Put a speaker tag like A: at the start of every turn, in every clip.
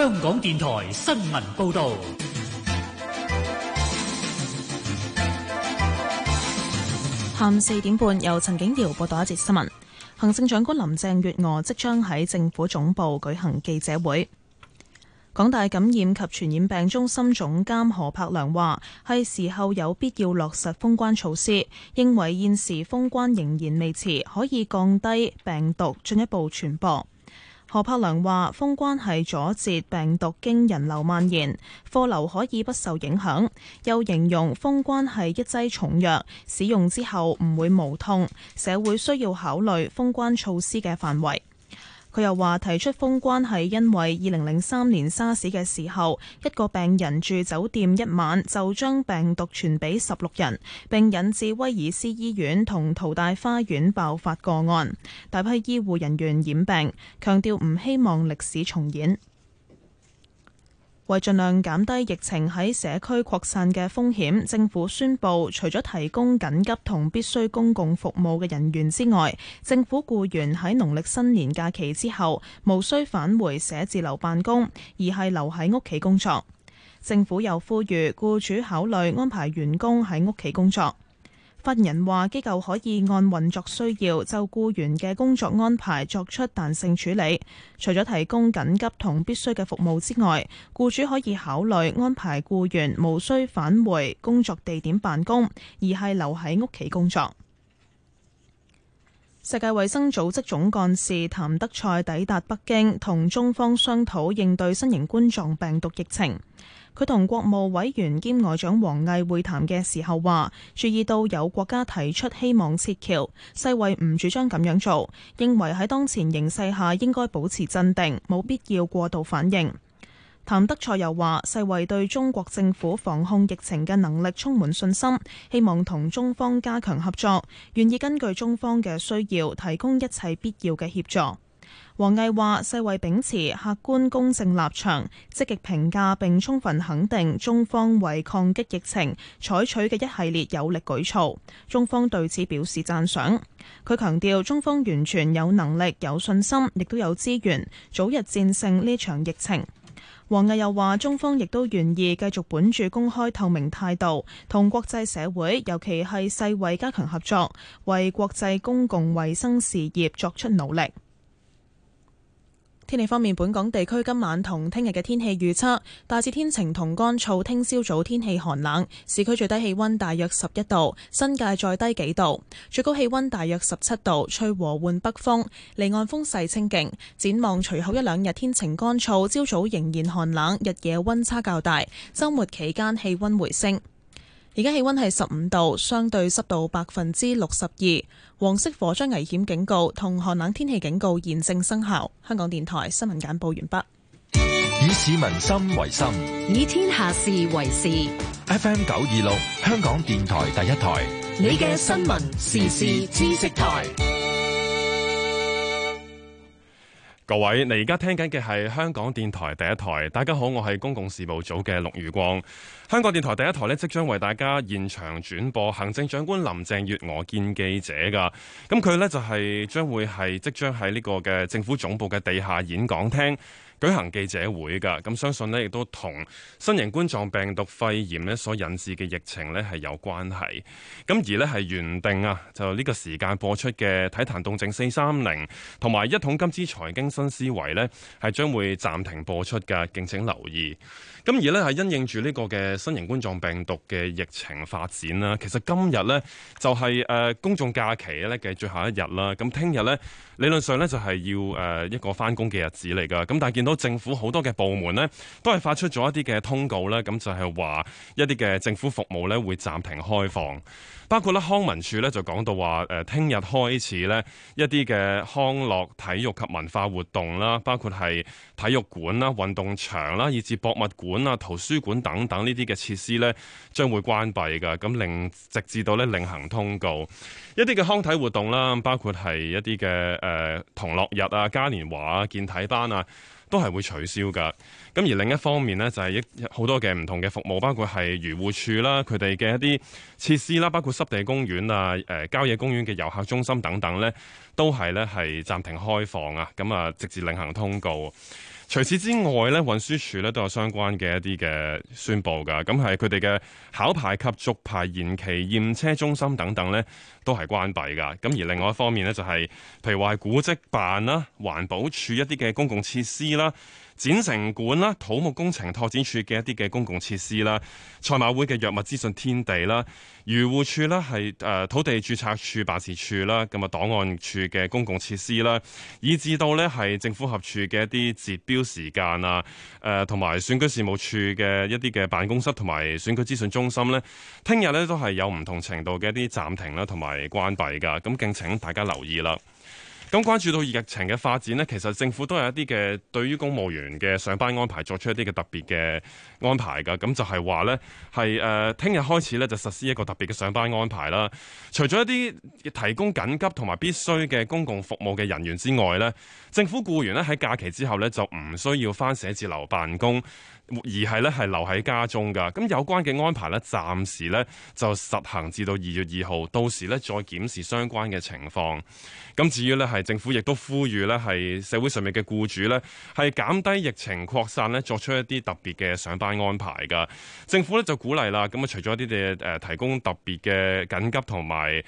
A: 香港電台新聞報道，
B: 下午四點半由陳景瑤報道一節新聞。行政長官林鄭月娥即將喺政府總部舉行記者會。港大感染及傳染病中心總監何柏良話：係時候有必要落實封關措施，認為現時封關仍然未遲，可以降低病毒進一步傳播。何柏良話：封關係阻截病毒經人流蔓延，貨流可以不受影響。又形容封關係一劑重藥，使用之後唔會無痛。社會需要考慮封關措施嘅範圍。佢又話：提出封關係因為二零零三年沙士嘅時候，一個病人住酒店一晚就將病毒傳俾十六人，並引致威爾斯醫院同淘大花園爆發個案，大批醫護人員染病，強調唔希望歷史重演。為盡量減低疫情喺社區擴散嘅風險，政府宣布，除咗提供緊急同必須公共服務嘅人員之外，政府僱員喺農曆新年假期之後，無需返回寫字樓辦公，而係留喺屋企工作。政府又呼籲僱主考慮安排員工喺屋企工作。發言人話：機構可以按運作需要就僱員嘅工作安排作出彈性處理。除咗提供緊急同必須嘅服務之外，僱主可以考慮安排僱員無需返回工作地點辦公，而係留喺屋企工作。世界衛生組織總幹事譚德塞抵達北京，同中方商討應對新型冠狀病毒疫情。佢同國務委員兼外長王毅會談嘅時候話，注意到有國家提出希望撤僑，世衛唔主張咁樣做，認為喺當前形勢下應該保持鎮定，冇必要過度反應。譚德塞又話，世衛對中國政府防控疫情嘅能力充滿信心，希望同中方加強合作，願意根據中方嘅需要提供一切必要嘅協助。王毅話：世衛秉持客觀公正立場，積極評價並充分肯定中方為抗擊疫情採取嘅一系列有力舉措，中方對此表示讚賞。佢強調，中方完全有能力、有信心，亦都有資源，早日戰勝呢場疫情。王毅又話：中方亦都願意繼續本住公開透明態度，同國際社會，尤其係世衛加強合作，為國際公共衛生事業作出努力。天氣方面，本港地區今晚同聽日嘅天氣預測大致天晴同乾燥。聽朝早天氣寒冷，市區最低氣溫大約十一度，新界再低幾度。最高氣溫大約十七度，吹和緩北風，離岸風勢清勁。展望隨後一兩日天晴乾燥，朝早仍然寒冷，日夜溫差較大。週末期間氣溫回升。而家氣温係十五度，相對濕度百分之六十二。黃色火災危險警告同寒冷天氣警告現正生效。香港電台新聞簡報完畢。
C: 以市民心為心，
B: 以天下事為事。
C: FM 九二六，香港電台第一台，
B: 你嘅新聞時事知識台。
C: 各位，你而家聽緊嘅係香港電台第一台。大家好，我係公共事務組嘅陸宇光。香港電台第一台呢，即將為大家現場轉播行政長官林鄭月娥見記者噶。咁佢呢，就係將會係即將喺呢個嘅政府總部嘅地下演講廳。舉行記者會㗎，咁相信呢亦都同新型冠狀病毒肺炎呢所引致嘅疫情呢係有關係。咁而呢係原定啊，就呢個時間播出嘅《體壇動靜》四三零同埋《一桶金之財經新思維》呢係將會暫停播出嘅，敬請留意。咁而呢係因應住呢個嘅新型冠狀病毒嘅疫情發展啦，其實今日呢就係、是、誒、呃、公眾假期咧嘅最後一日啦。咁聽日呢。理論上咧就係要誒一個返工嘅日子嚟㗎，咁但係見到政府好多嘅部門呢，都係發出咗一啲嘅通告呢，咁就係話一啲嘅政府服務呢會暫停開放。包括咧康文署咧就講到話誒，聽日開始咧一啲嘅康樂體育及文化活動啦，包括係體育館啦、運動場啦，以至博物館啊、圖書館等等呢啲嘅設施咧，將會關閉嘅。咁令直至到咧另行通告，一啲嘅康體活動啦，包括係一啲嘅誒同樂日啊、嘉年華啊、健體班啊。都係會取消㗎。咁而另一方面呢，就係一好多嘅唔同嘅服務，包括係漁護處啦，佢哋嘅一啲設施啦，包括濕地公園啊、誒、呃、郊野公園嘅遊客中心等等呢，都係呢係暫停開放啊。咁啊，直至另行通告。除此之外咧，運輸署咧都有相關嘅一啲嘅宣佈噶，咁係佢哋嘅考牌及續牌延期驗車中心等等咧都係關閉噶。咁而另外一方面咧，就是，就係譬如話古蹟辦啦，環保署一啲嘅公共設施啦。展城館啦，土木工程拓展處嘅一啲嘅公共設施啦，賽馬會嘅藥物資訊天地啦，漁護處啦，係誒土地註冊處辦事處啦，咁啊檔案處嘅公共設施啦，以至到呢係政府合署嘅一啲截標時間啊，誒同埋選舉事務處嘅一啲嘅辦公室同埋選舉資訊中心呢，聽日呢都係有唔同程度嘅一啲暫停啦同埋關閉噶，咁敬請大家留意啦。咁關注到疫情嘅發展呢，其實政府都有一啲嘅對於公務員嘅上班安排作出一啲嘅特別嘅安排㗎。咁就係話呢係誒聽日開始呢，就實施一個特別嘅上班安排啦。除咗一啲提供緊急同埋必須嘅公共服務嘅人員之外呢，政府僱員呢喺假期之後呢，就唔需要返寫字樓辦公。而係咧，係留喺家中噶。咁有關嘅安排呢，暫時呢就實行至到二月二號，到時呢再檢視相關嘅情況。咁至於呢，係政府亦都呼籲呢，係社會上面嘅僱主呢，係減低疫情擴散呢，作出一啲特別嘅上班安排噶。政府呢就鼓勵啦。咁啊，除咗一啲嘅誒提供特別嘅緊急同埋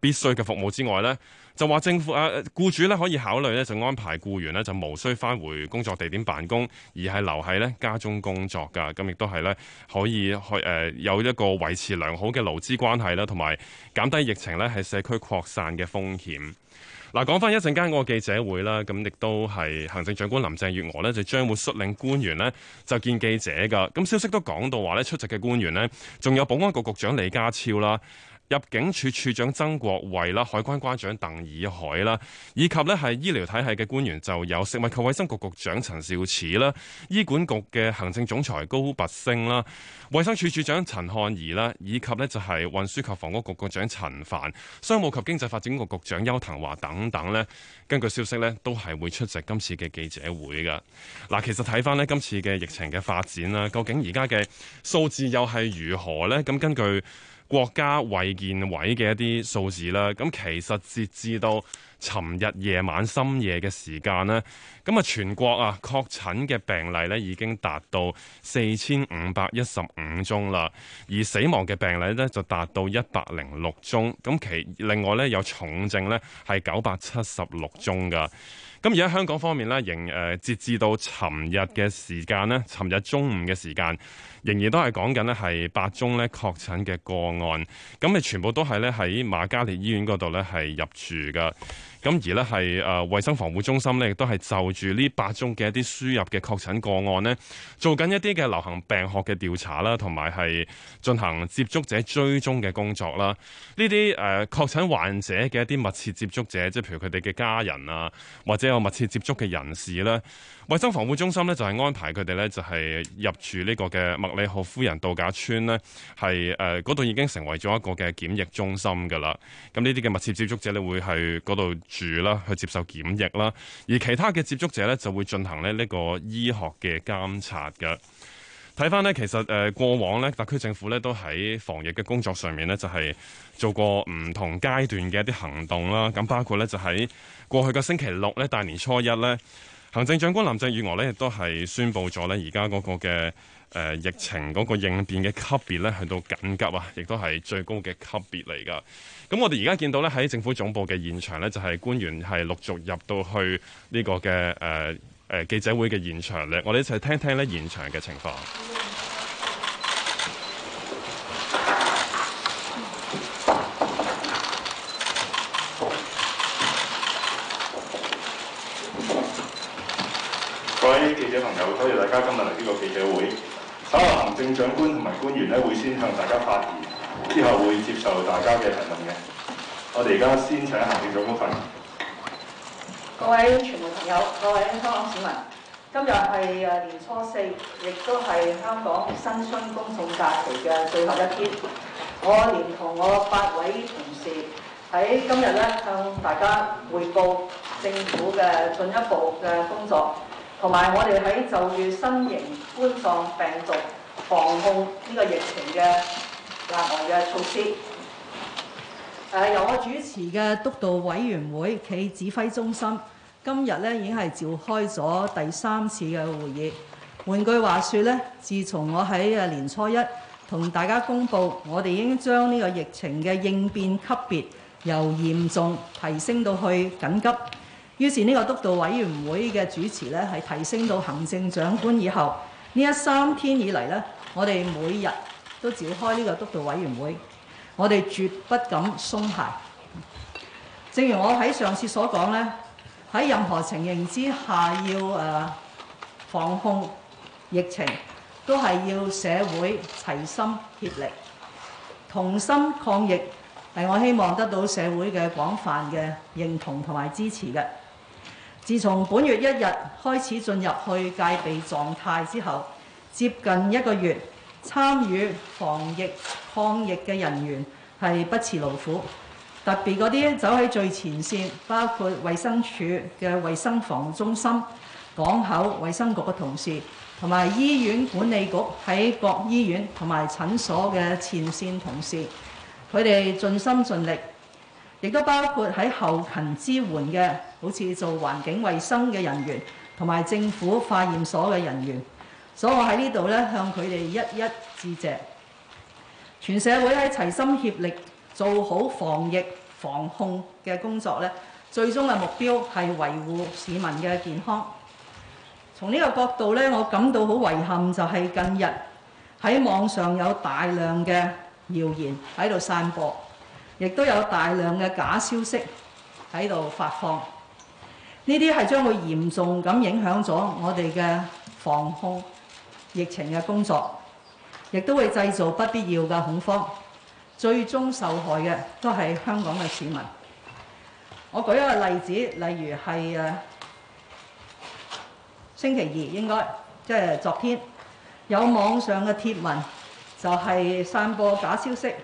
C: 必須嘅服務之外呢。就話政府啊，僱主咧可以考慮咧，就安排僱員咧就無需翻回工作地點辦公，而係留喺咧家中工作㗎。咁亦都係咧可以去誒有一個維持良好嘅勞資關係啦，同埋減低疫情咧係社區擴散嘅風險。嗱，講翻一陣間個記者會啦，咁亦都係行政長官林鄭月娥就將會率領官員就見記者㗎。咁消息都講到話咧出席嘅官員呢仲有保安局局長李家超啦。入境處處長曾國衛啦，海關關長鄧以海啦，以及呢係醫療體系嘅官員就有食物及衛生局局長陳肇始啦，醫管局嘅行政總裁高拔升啦，衛生署署長陳漢儀啦，以及呢就係運輸及房屋局局長陳帆、商務及經濟發展局局長邱騰華等等呢。根據消息呢，都係會出席今次嘅記者會噶。嗱，其實睇翻呢今次嘅疫情嘅發展啦，究竟而家嘅數字又係如何呢？咁根據國家衞健委嘅一啲數字啦，咁其實截至到尋日夜晚深夜嘅時間呢，咁啊全國啊確診嘅病例咧已經達到四千五百一十五宗啦，而死亡嘅病例咧就達到一百零六宗，咁其另外咧有重症咧係九百七十六宗㗎。咁而家香港方面咧，仍誒截至到尋日嘅時間咧，尋日中午嘅時間，仍然都係講緊咧係八宗咧確診嘅個案，咁你全部都係咧喺瑪嘉烈醫院嗰度咧係入住㗎。咁而、呃、呢，係誒衛生防護中心咧，亦都係就住呢八宗嘅一啲輸入嘅確診個案咧，做緊一啲嘅流行病學嘅調查啦，同埋係進行接觸者追蹤嘅工作啦。呢啲誒確診患者嘅一啲密切接觸者，即係譬如佢哋嘅家人啊，或者有密切接觸嘅人士咧，衛生防護中心咧就係、是、安排佢哋咧就係、是、入住呢個嘅麥理浩夫人度假村咧，係誒嗰度已經成為咗一個嘅檢疫中心㗎啦。咁呢啲嘅密切接觸者呢會係嗰度。住啦，去接受檢疫啦，而其他嘅接觸者呢，就會進行咧呢個醫學嘅監察嘅。睇翻呢，其實誒、呃、過往呢，特區政府呢都喺防疫嘅工作上面呢，就係、是、做過唔同階段嘅一啲行動啦。咁包括呢，就喺過去嘅星期六呢，大年初一呢，行政長官林鄭月娥呢，亦都係宣布咗呢而家嗰個嘅。誒、呃、疫情嗰個應變嘅級別咧，去到緊急啊，亦都係最高嘅級別嚟㗎。咁我哋而家見到咧，喺政府總部嘅現場咧，就係、是、官員係陸續入到去呢、這個嘅誒誒記者會嘅現場咧。我哋一齊聽聽咧現場嘅情況。各
D: 位記者朋友，多謝大家今日嚟呢個記者會。稍後行政長官同埋官員呢會先向大家發言，之後會接受大家嘅提問嘅。我哋而家先請行政長官發言。
E: 各位傳媒朋友，各位香港市民，今日係誒年初四，亦都係香港新春公眾假期嘅最後一天。我連同我八位同事喺今日呢向大家匯報政府嘅進一步嘅工作。同埋我哋喺就住新型冠狀病毒防控呢個疫情嘅難熬嘅措施，誒由我主持嘅督導委員會暨指揮中心，今日咧已經係召開咗第三次嘅會議，換句話說咧，自從我喺誒年初一同大家公布，我哋已經將呢個疫情嘅應變級別由嚴重提升到去緊急。於是呢個督導委員會嘅主持咧係提升到行政長官以後，呢一三天以嚟咧，我哋每日都召開呢個督導委員會，我哋絕不敢鬆懈。正如我喺上次所講咧，喺任何情形之下要誒防控疫情，都係要社會齊心協力、同心抗疫，係我希望得到社會嘅廣泛嘅認同同埋支持嘅。自從本月一日開始進入去戒備狀態之後，接近一個月，參與防疫抗疫嘅人員係不辭勞苦，特別嗰啲走喺最前線，包括衛生署嘅衞生防護中心、港口衛生局嘅同事，同埋醫院管理局喺各醫院同埋診所嘅前線同事，佢哋盡心盡力，亦都包括喺後勤支援嘅。好似做環境衛生嘅人員同埋政府化驗所嘅人員，所以我喺呢度咧向佢哋一一致謝。全社會喺齊心協力做好防疫防控嘅工作咧，最終嘅目標係維護市民嘅健康。從呢個角度咧，我感到好遺憾，就係近日喺網上有大量嘅謠言喺度散播，亦都有大量嘅假消息喺度發放。呢啲係將會嚴重咁影響咗我哋嘅防控疫情嘅工作，亦都會製造不必要嘅恐慌，最終受害嘅都係香港嘅市民。我舉一個例子，例如係誒星期二應該，即係昨天有網上嘅帖文就係散播假消息，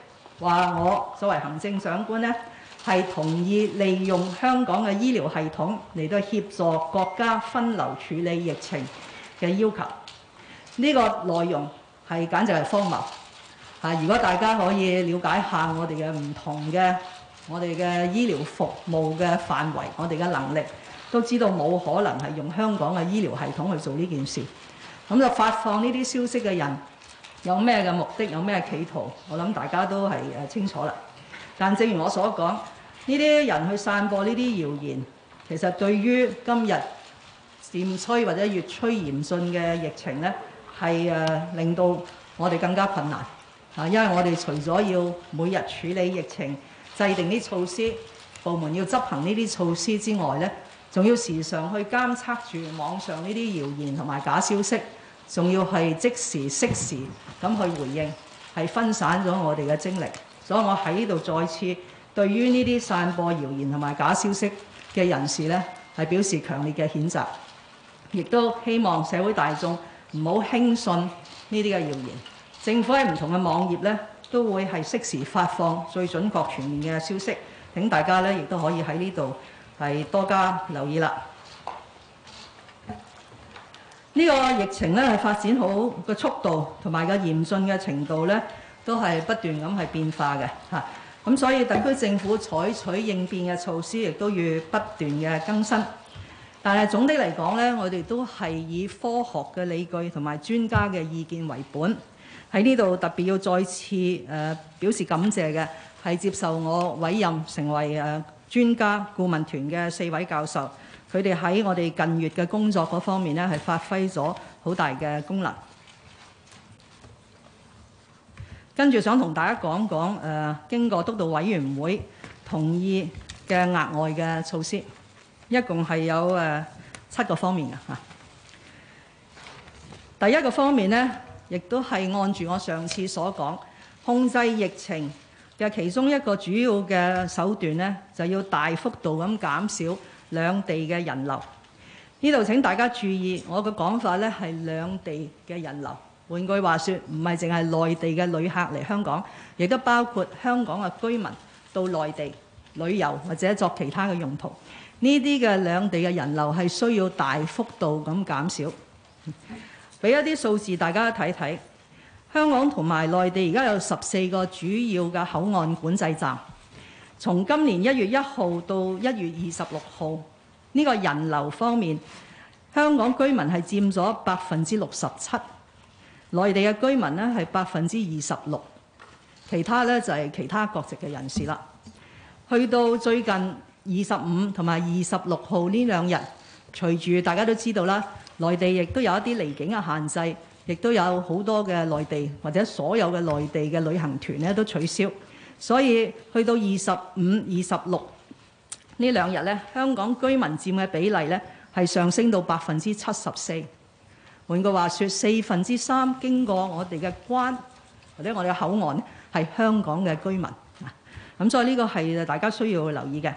E: 話我作為行政長官咧。係同意利用香港嘅醫療系統嚟到協助國家分流處理疫情嘅要求。呢個內容係簡直係荒謬，啊、如果大家可以了解一下我哋嘅唔同嘅我哋嘅醫療服務嘅範圍，我哋嘅能力都知道冇可能係用香港嘅醫療系統去做呢件事。咁就發放呢啲消息嘅人有咩嘅目的？有咩企圖？我諗大家都係誒清楚啦。但正如我所講。呢啲人去散播呢啲謠言，其實對於今日漸趨或者越趨嚴峻嘅疫情咧，係誒令到我哋更加困難啊，因為我哋除咗要每日處理疫情、制定啲措施，部門要執行呢啲措施之外咧，仲要時常去監測住網上呢啲謠言同埋假消息，仲要係即時適時咁去回應，係分散咗我哋嘅精力。所以我喺呢度再次。對於呢啲散播謠言同埋假消息嘅人士呢係表示強烈嘅譴責，亦都希望社會大眾唔好輕信呢啲嘅謠言。政府喺唔同嘅網頁呢，都會係適時發放最準確全面嘅消息，請大家呢，亦都可以喺呢度係多加留意啦。呢、這個疫情呢，係發展好嘅速度同埋個嚴峻嘅程度呢，都係不斷咁係變化嘅嚇。咁所以特區政府採取應變嘅措施，亦都要不斷嘅更新。但係，總的嚟講咧，我哋都係以科學嘅理據同埋專家嘅意見為本。喺呢度特別要再次誒表示感謝嘅，係接受我委任成為誒專家顧問團嘅四位教授，佢哋喺我哋近月嘅工作嗰方面咧，係發揮咗好大嘅功能。跟住想同大家講講誒，經過督導委員會同意嘅額外嘅措施，一共係有、呃、七個方面嘅嚇、啊、第一個方面咧，亦都係按住我上次所講，控制疫情嘅其中一個主要嘅手段咧，就要大幅度咁減少兩地嘅人流。呢度請大家注意，我嘅，我嘅講法咧係兩地嘅人流。換句話說，唔係淨係內地嘅旅客嚟香港，亦都包括香港嘅居民到內地旅遊或者作其他嘅用途。呢啲嘅兩地嘅人流係需要大幅度咁減少。俾一啲數字大家睇睇，香港同埋內地而家有十四個主要嘅口岸管制站。從今年一月一號到一月二十六號，呢個人流方面，香港居民係佔咗百分之六十七。內地嘅居民咧係百分之二十六，其他咧就係其他國籍嘅人士啦。去到最近二十五同埋二十六號呢兩日，隨住大家都知道啦，內地亦都有一啲離境嘅限制，亦都有好多嘅內地或者所有嘅內地嘅旅行團咧都取消，所以去到二十五、二十六呢兩日咧，香港居民佔嘅比例咧係上升到百分之七十四。換句話説，四分之三經過我哋嘅關或者我哋嘅口岸咧，係香港嘅居民。咁所以呢個係大家需要留意嘅。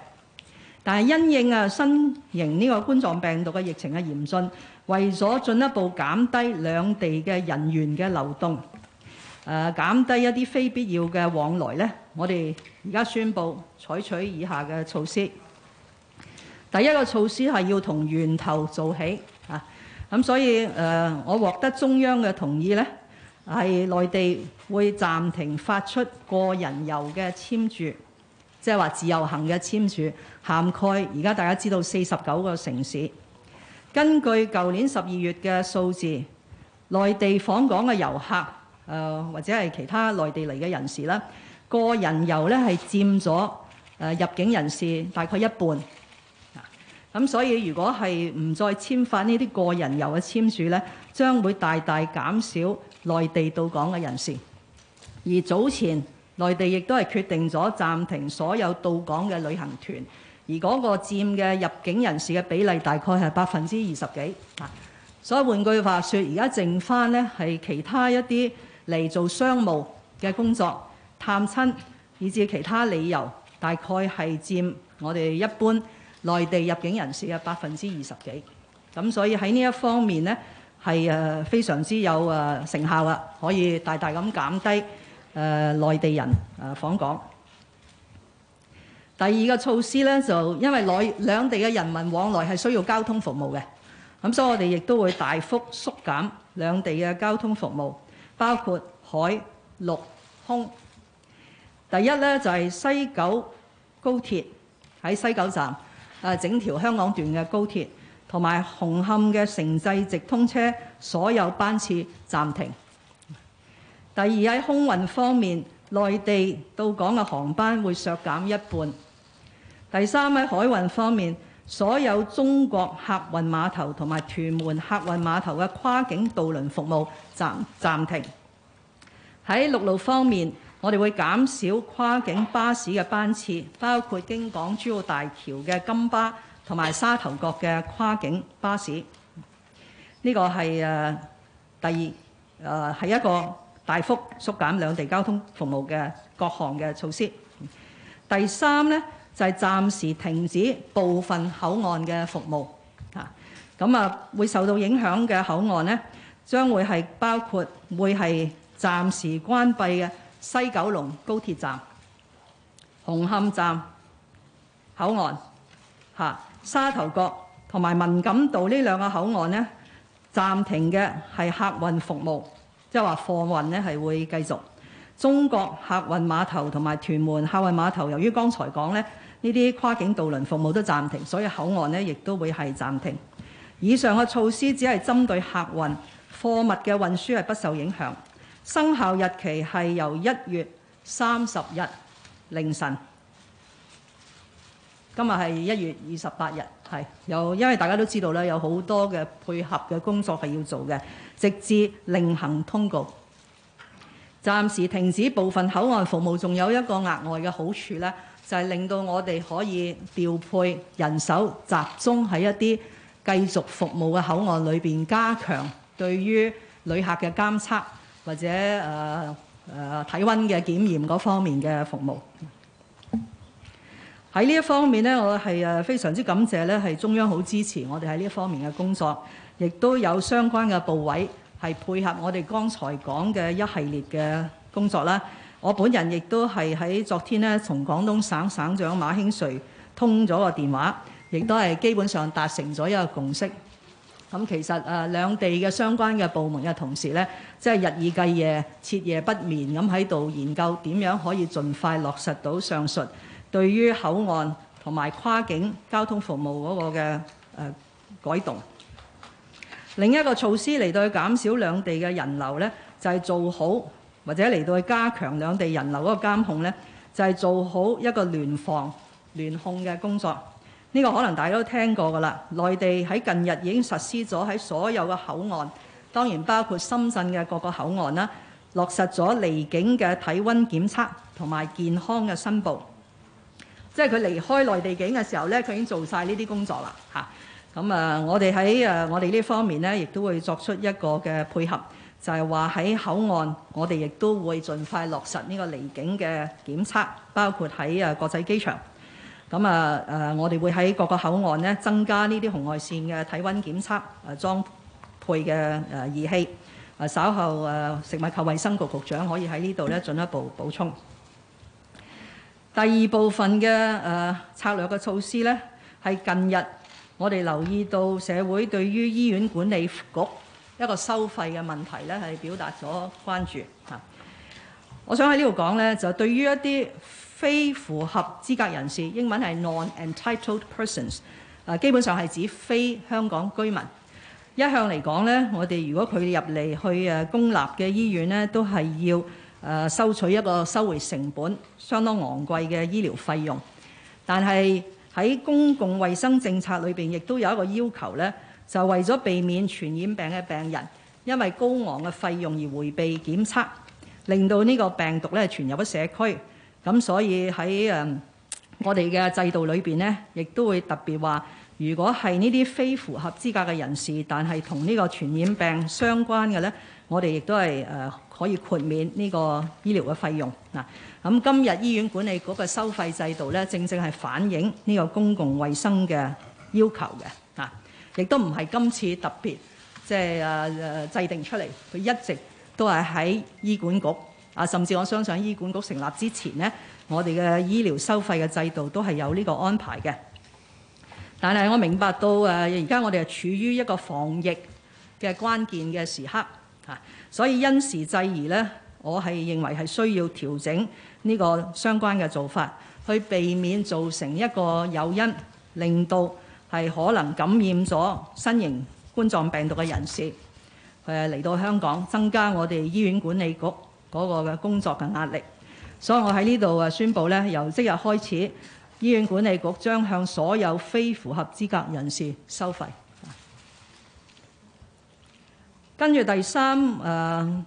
E: 但係因應啊，新型呢個冠狀病毒嘅疫情嘅嚴峻，為咗進一步減低兩地嘅人員嘅流動，誒、啊、減低一啲非必要嘅往來呢，我哋而家宣布採取以下嘅措施。第一個措施係要從源頭做起。咁所以誒，我獲得中央嘅同意咧，係內地會暫停發出個人遊嘅簽注，即係話自由行嘅簽注，涵蓋而家大家知道四十九個城市。根據舊年十二月嘅數字，內地訪港嘅遊客誒，或者係其他內地嚟嘅人士咧，個人遊咧係佔咗誒入境人士大概一半。咁所以如果係唔再簽發呢啲個人遊嘅簽署呢，將會大大減少內地到港嘅人士。而早前內地亦都係決定咗暫停所有到港嘅旅行團，而嗰個佔嘅入境人士嘅比例大概係百分之二十幾。所以換句話說，而家剩翻呢係其他一啲嚟做商務嘅工作、探親以至其他理由，大概係佔我哋一般，內地入境人士嘅，百分之二十幾，咁所以喺呢一方面咧，係誒非常之有誒成效啊，可以大大咁減低誒內地人誒訪港。第二個措施咧，就因為內兩地嘅人民往來係需要交通服務嘅，咁所以我哋亦都會大幅縮減兩地嘅交通服務，包括海陸空。第一咧就係西九高鐵喺西九站。誒整條香港段嘅高鐵同埋紅磡嘅城際直通車所有班次暫停。第二，喺空運方面，內地到港嘅航班會削減一半。第三，喺海運方面，所有中國客運碼頭同埋屯門客運碼頭嘅跨境渡輪服務暫暫停。喺陸路方面。我哋會減少跨境巴士嘅班次，包括經港珠澳大橋嘅金巴同埋沙頭角嘅跨境巴士。呢個係誒，第二誒，係一個大幅縮減兩地交通服務嘅各項嘅措施。第三呢，就係暫時停止部分口岸嘅服務啊。咁啊，會受到影響嘅口岸呢，將會係包括會係暫時關閉嘅，西九龍高鐵站、紅磡站口岸、嚇沙頭角同埋文錦渡呢兩個口岸呢，暫停嘅係客運服務，即係話貨運呢係會繼續。中國客運碼頭同埋屯門客運碼頭，由於剛才講呢，呢啲跨境渡輪服務都暫停，所以口岸呢亦都會係暫停。以上嘅措施只係針對客運，貨物嘅運輸係不受影響。生效日期係由一月三十日凌晨，今日係一月二十八日，係有，因為大家都知道咧，有好多嘅配合嘅工作係要做嘅，直至另行通告，暫時停止部分口岸服務。仲有一個額外嘅好處咧，就係令到我哋可以調配人手，集中喺一啲繼續服務嘅口岸裏邊，加強對於旅客嘅監測。或者誒誒體温嘅檢驗嗰方面嘅服務，喺呢一方面呢，我係非常之感謝呢，係中央好支持我哋喺呢一方面嘅工作，亦都有相關嘅部委係配合我哋剛才講嘅一系列嘅工作啦。我本人亦都係喺昨天呢，同廣東省省長馬興瑞通咗個電話，亦都係基本上達成咗一個共識。咁其實誒兩地嘅相關嘅部門嘅同事咧，即係日以繼夜、徹夜不眠咁喺度研究點樣可以盡快落實到上述對於口岸同埋跨境交通服務嗰個嘅誒改動。另一個措施嚟到去減少兩地嘅人流咧，就係做好或者嚟到去加強兩地人流嗰個監控咧，就係做好一個聯防聯控嘅工作。呢個可能大家都聽過㗎啦，內地喺近日已經實施咗喺所有嘅口岸，當然包括深圳嘅各個口岸啦，落實咗離境嘅體溫檢測同埋健康嘅申報。即係佢離開內地境嘅時候咧，佢已經做晒呢啲工作啦嚇。咁啊，我哋喺誒我哋呢方面咧，亦都會作出一個嘅配合，就係話喺口岸，我哋亦都會盡快落實呢個離境嘅檢測，包括喺誒國際機場。咁啊誒，我哋會喺各個口岸呢，增加呢啲紅外線嘅體溫檢測誒裝配嘅誒儀器。誒稍後，誒食物及衛生局局長可以喺呢度咧進一步補充。第二部分嘅誒策略嘅措施呢，係近日我哋留意到社會對於醫院管理局一個收費嘅問題呢，係表達咗關注嚇。我想喺呢度講呢，就對於一啲。非符合資格人士，英文係 non-entitled persons，基本上係指非香港居民。一向嚟講咧，我哋如果佢入嚟去誒公立嘅醫院咧，都係要誒收取一個收回成本相當昂貴嘅醫療費用。但係喺公共衛生政策裏邊，亦都有一個要求咧，就係為咗避免傳染病嘅病人因為高昂嘅費用而迴避檢測，令到呢個病毒咧傳入咗社區。咁所以喺誒我哋嘅制度裏邊咧，亦都會特別話，如果係呢啲非符合資格嘅人士，但係同呢個傳染病相關嘅咧，我哋亦都係誒可以豁免呢個醫療嘅費用嗱。咁今日醫院管理局嘅收費制度咧，正正係反映呢個公共衛生嘅要求嘅，就是，啊，亦都唔係今次特別即係誒誒制定出嚟，佢一直都係喺醫管局。啊，甚至我相信醫管局成立之前呢，我哋嘅醫療收費嘅制度都係有呢個安排嘅。但係我明白到誒，而家我哋係處於一個防疫嘅關鍵嘅時刻，所以因時制宜呢，我係認為係需要調整呢個相關嘅做法，去避免造成一個誘因，令到係可能感染咗新型冠狀病毒嘅人士誒嚟到香港，增加我哋醫院管理局，嗰個嘅工作嘅壓力，所以我喺呢度啊宣佈咧，由即日開始，醫院管理局將向所有非符合資格人士收費。跟住第三誒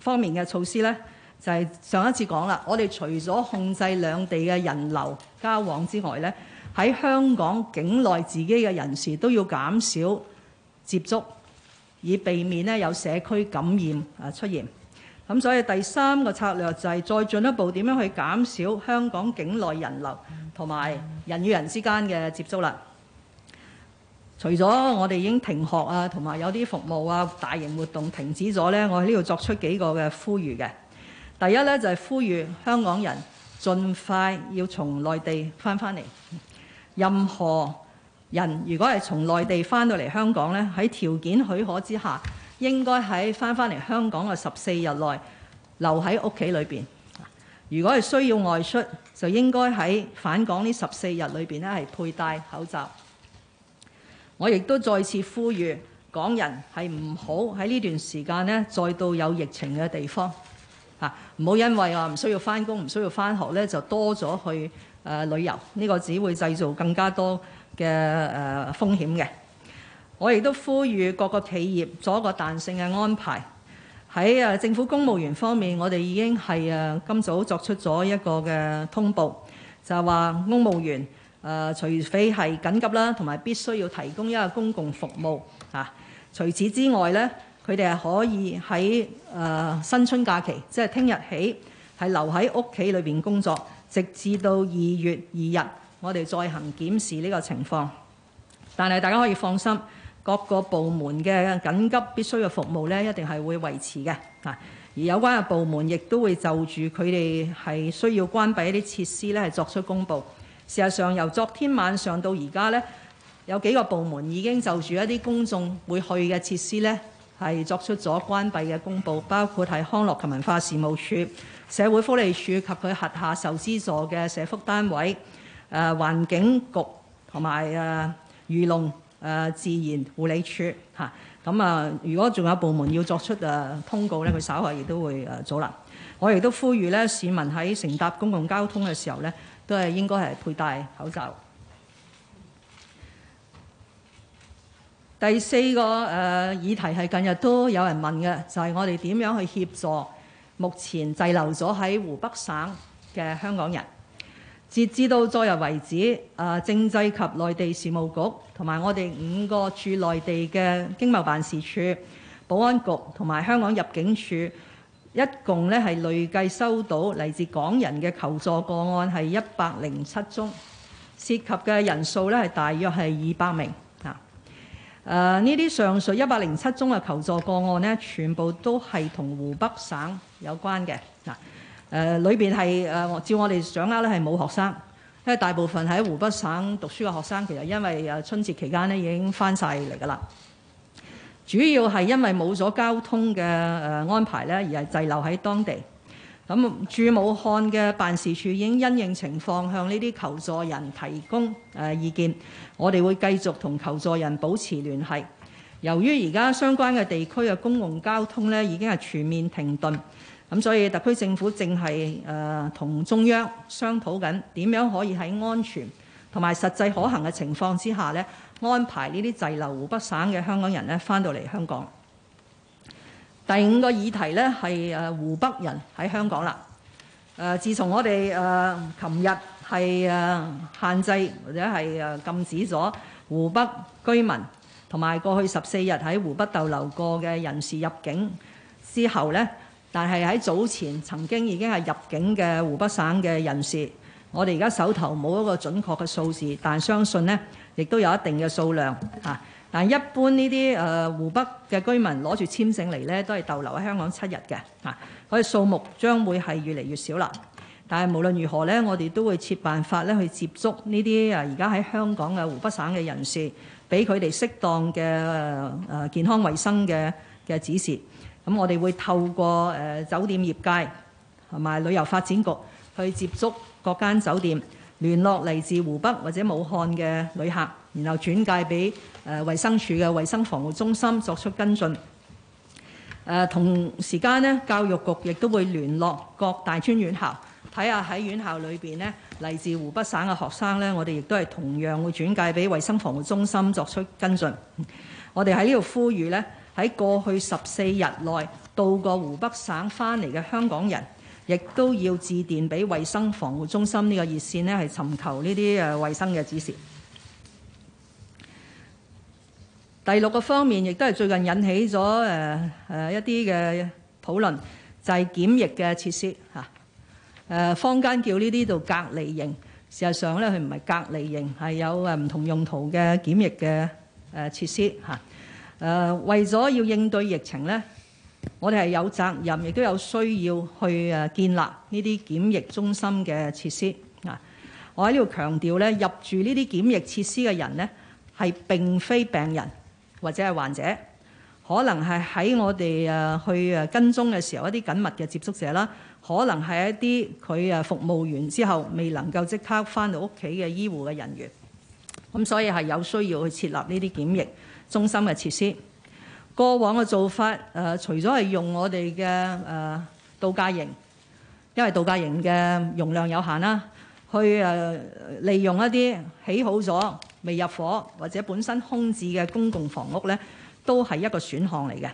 E: 方面嘅措施咧，就係上一次講啦，我哋除咗控制兩地嘅人流交往之外咧，喺香港境內自己嘅人士都要減少接觸，以避免呢有社區感染啊出現。咁所以第三個策略就係再進一步點樣去減少香港境內人流同埋人與人之間嘅接觸啦。除咗我哋已經停學啊，同埋有啲服務啊、大型活動停止咗咧，我喺呢度作出幾個嘅呼籲嘅。第一咧就係呼籲香港人盡快要從內地翻翻嚟。任何人如果係從內地翻到嚟香港咧，喺條件許可之下，應該喺返返嚟香港嘅十四日內留喺屋企裏邊，如果係需要外出，就應該喺返港呢十四日裏邊咧係佩戴口罩。我亦都再次呼籲港人係唔好喺呢段時間咧再到有疫情嘅地方。嚇唔好因為話唔需要返工、唔需要返學咧就多咗去誒旅遊，呢個只會製造更加多嘅誒風險嘅。我亦都呼籲各個企業做一個彈性嘅安排。喺政府公務員方面，我哋已經係誒今早作出咗一個嘅通報，就係話公務員除非係緊急啦，同埋必須要提供一個公共服務。除此之外咧，佢哋係可以喺新春假期，即係聽日起係留喺屋企裏面工作，直至到二月二日，我哋再行檢視呢個情況。但係大家可以放心。各個部門嘅緊急必須嘅服務咧，一定係會維持嘅。啊，而有關嘅部門亦都會就住佢哋係需要關閉一啲設施呢，係作出公佈。事實上，由昨天晚上到而家呢，有幾個部門已經就住一啲公眾會去嘅設施呢，係作出咗關閉嘅公佈，包括係康樂及文化事務署、社會福利署及佢轄下受資助嘅社福單位、誒、呃、環境局同埋誒漁農誒自然護理處嚇，咁啊，如果仲有部門要作出誒通告咧，佢稍後亦都會誒阻攔。我亦都呼籲咧，市民喺乘搭公共交通嘅時候咧，都係應該係佩戴口罩。第四個誒議題係近日都有人問嘅，就係、是、我哋點樣去協助目前滯留咗喺湖北省嘅香港人。截至到昨日為止，誒、啊、政制及內地事務局同埋我哋五個駐內地嘅經貿辦事處、保安局同埋香港入境處，一共咧係累計收到嚟自港人嘅求助個案係一百零七宗，涉及嘅人數咧係大約係二百名。嗱、啊，誒呢啲上述一百零七宗嘅求助個案呢，全部都係同湖北省有關嘅。嗱、啊。誒裏邊係誒，照我哋掌握咧，係冇學生，因為大部分喺湖北省讀書嘅學生其實因為誒春節期間咧已經翻晒嚟㗎啦，主要係因為冇咗交通嘅誒安排咧而係滯留喺當地。咁駐武漢嘅辦事處已經因應情況向呢啲求助人提供誒意見，我哋會繼續同求助人保持聯繫。由於而家相關嘅地區嘅公共交通咧已經係全面停頓。咁所以特區政府正係誒同中央商討緊點樣可以喺安全同埋實際可行嘅情況之下咧，安排呢啲滯留湖北省嘅香港人咧翻到嚟香港。第五個議題咧係誒湖北人喺香港啦。誒，自從我哋誒琴日係誒限制或者係誒禁止咗湖北居民同埋過去十四日喺湖北逗留過嘅人士入境之後咧。但係喺早前曾經已經係入境嘅湖北省嘅人士，我哋而家手頭冇一個準確嘅數字，但相信呢亦都有一定嘅數量嚇。嗱、啊，但一般呢啲誒湖北嘅居民攞住簽證嚟呢，都係逗留喺香港七日嘅嚇，佢數目將會係越嚟越少啦。但係無論如何呢，我哋都會設辦法咧去接觸呢啲誒而家喺香港嘅湖北省嘅人士，俾佢哋適當嘅誒、呃、健康衞生嘅嘅指示。咁我哋會透過誒酒店業界同埋旅遊發展局去接觸各間酒店，聯絡嚟自湖北或者武漢嘅旅客，然後轉介俾誒衛生署嘅衛生防護中心作出跟進。誒同時間咧，教育局亦都會聯絡各大專院校，睇下喺院校裏邊咧嚟自湖北省嘅學生咧，我哋亦都係同樣會轉介俾衛生防護中心作出跟進。我哋喺呢度呼籲咧。喺過去十四日內到過湖北省翻嚟嘅香港人，亦都要致電俾衛生防護中心呢個熱線呢，係尋求呢啲誒衞生嘅指示。第六個方面，亦都係最近引起咗誒誒一啲嘅討論，就係檢疫嘅設施嚇。誒坊間叫呢啲做隔離營，事實上咧佢唔係隔離營，係有誒唔同用途嘅檢疫嘅誒設施嚇。誒為咗要應對疫情咧，我哋係有責任，亦都有需要去誒建立呢啲檢疫中心嘅設施啊！我喺呢度強調咧，入住呢啲檢疫設施嘅人咧，係並非病人或者係患者，可能係喺我哋誒去誒跟蹤嘅時候一啲緊密嘅接觸者啦，可能係一啲佢誒服務完之後未能夠即刻返到屋企嘅醫護嘅人員，咁所以係有需要去設立呢啲檢疫。中心嘅設施，過往嘅做法誒、呃，除咗係用我哋嘅誒度假營，因為度假營嘅容量有限啦，去誒、呃、利用一啲起好咗未入伙，或者本身空置嘅公共房屋咧，都係一個選項嚟嘅。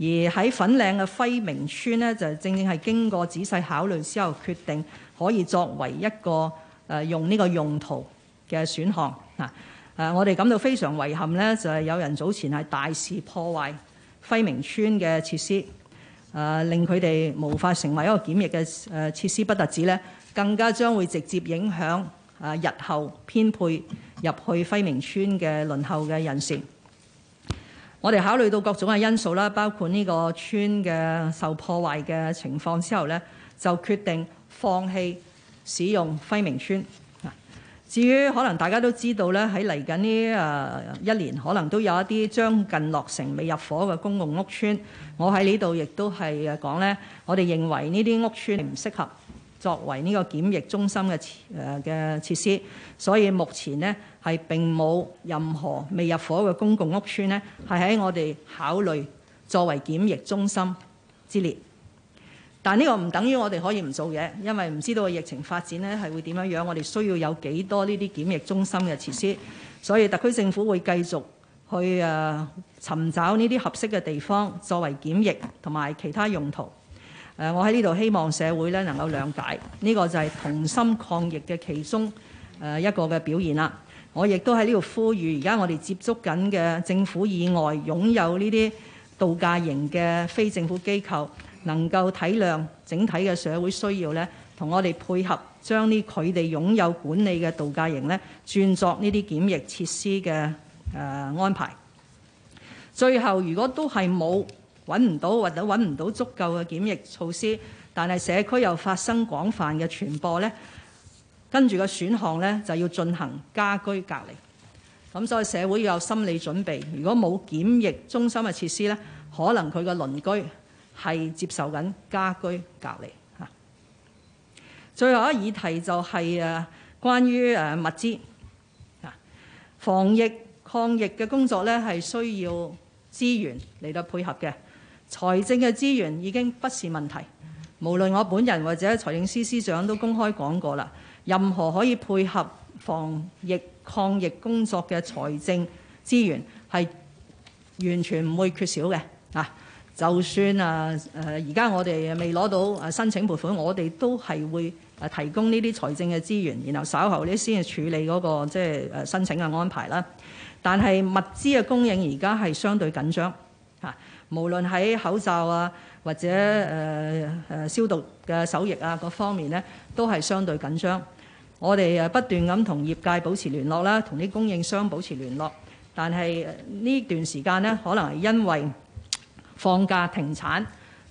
E: 而喺粉嶺嘅輝明村咧，就正正係經過仔細考慮之後決定可以作為一個誒、呃、用呢個用途嘅選項啊。誒，我哋感到非常遺憾咧，就係有人早前係大肆破壞輝明村嘅設施，誒令佢哋無法成為一個檢疫嘅誒設施，不特止咧，更加將會直接影響誒日後編配入去輝明村嘅輪候嘅人士。我哋考慮到各種嘅因素啦，包括呢個村嘅受破壞嘅情況之後咧，就決定放棄使用輝明村。至於可能大家都知道咧，喺嚟緊呢誒一年，可能都有一啲將近落成未入伙嘅公共屋邨。我喺呢度亦都係誒講咧，我哋認為呢啲屋邨唔適合作為呢個檢疫中心嘅誒嘅設施，所以目前呢，係並冇任何未入伙嘅公共屋邨咧係喺我哋考慮作為檢疫中心之列。但呢個唔等於我哋可以唔做嘢，因為唔知道個疫情發展咧係會點樣樣，我哋需要有幾多呢啲檢疫中心嘅設施，所以特區政府會繼續去誒尋找呢啲合適嘅地方作為檢疫同埋其他用途。誒，我喺呢度希望社會咧能夠諒解，呢個就係同心抗疫嘅其中誒一個嘅表現啦。我亦都喺呢度呼籲，而家我哋接觸緊嘅政府以外擁有呢啲度假型嘅非政府機構。能夠體諒整體嘅社會需要咧，同我哋配合，將呢佢哋擁有管理嘅度假營咧轉作呢啲檢疫設施嘅誒、呃、安排。最後，如果都係冇揾唔到或者揾唔到足夠嘅檢疫措施，但係社區又發生廣泛嘅傳播咧，跟住個選項咧就要進行家居隔離。咁所以社會要有心理準備。如果冇檢疫中心嘅設施咧，可能佢嘅鄰居。係接受緊家居隔離嚇。最後一議題就係誒，關於誒物資防疫抗疫嘅工作咧，係需要資源嚟到配合嘅。財政嘅資源已經不是問題，無論我本人或者財政司司長都公開講過啦。任何可以配合防疫抗疫工作嘅財政資源係完全唔會缺少嘅啊。就算啊誒，而家我哋未攞到誒申請撥款，我哋都係會誒提供呢啲財政嘅資源，然後稍後呢先去處理嗰個即係誒申請嘅安排啦。但係物資嘅供應而家係相對緊張嚇，無論喺口罩啊或者誒誒消毒嘅手液啊各方面呢，都係相對緊張。我哋誒不斷咁同業界保持聯絡啦，同啲供應商保持聯絡，但係呢段時間呢，可能係因為，放假停產，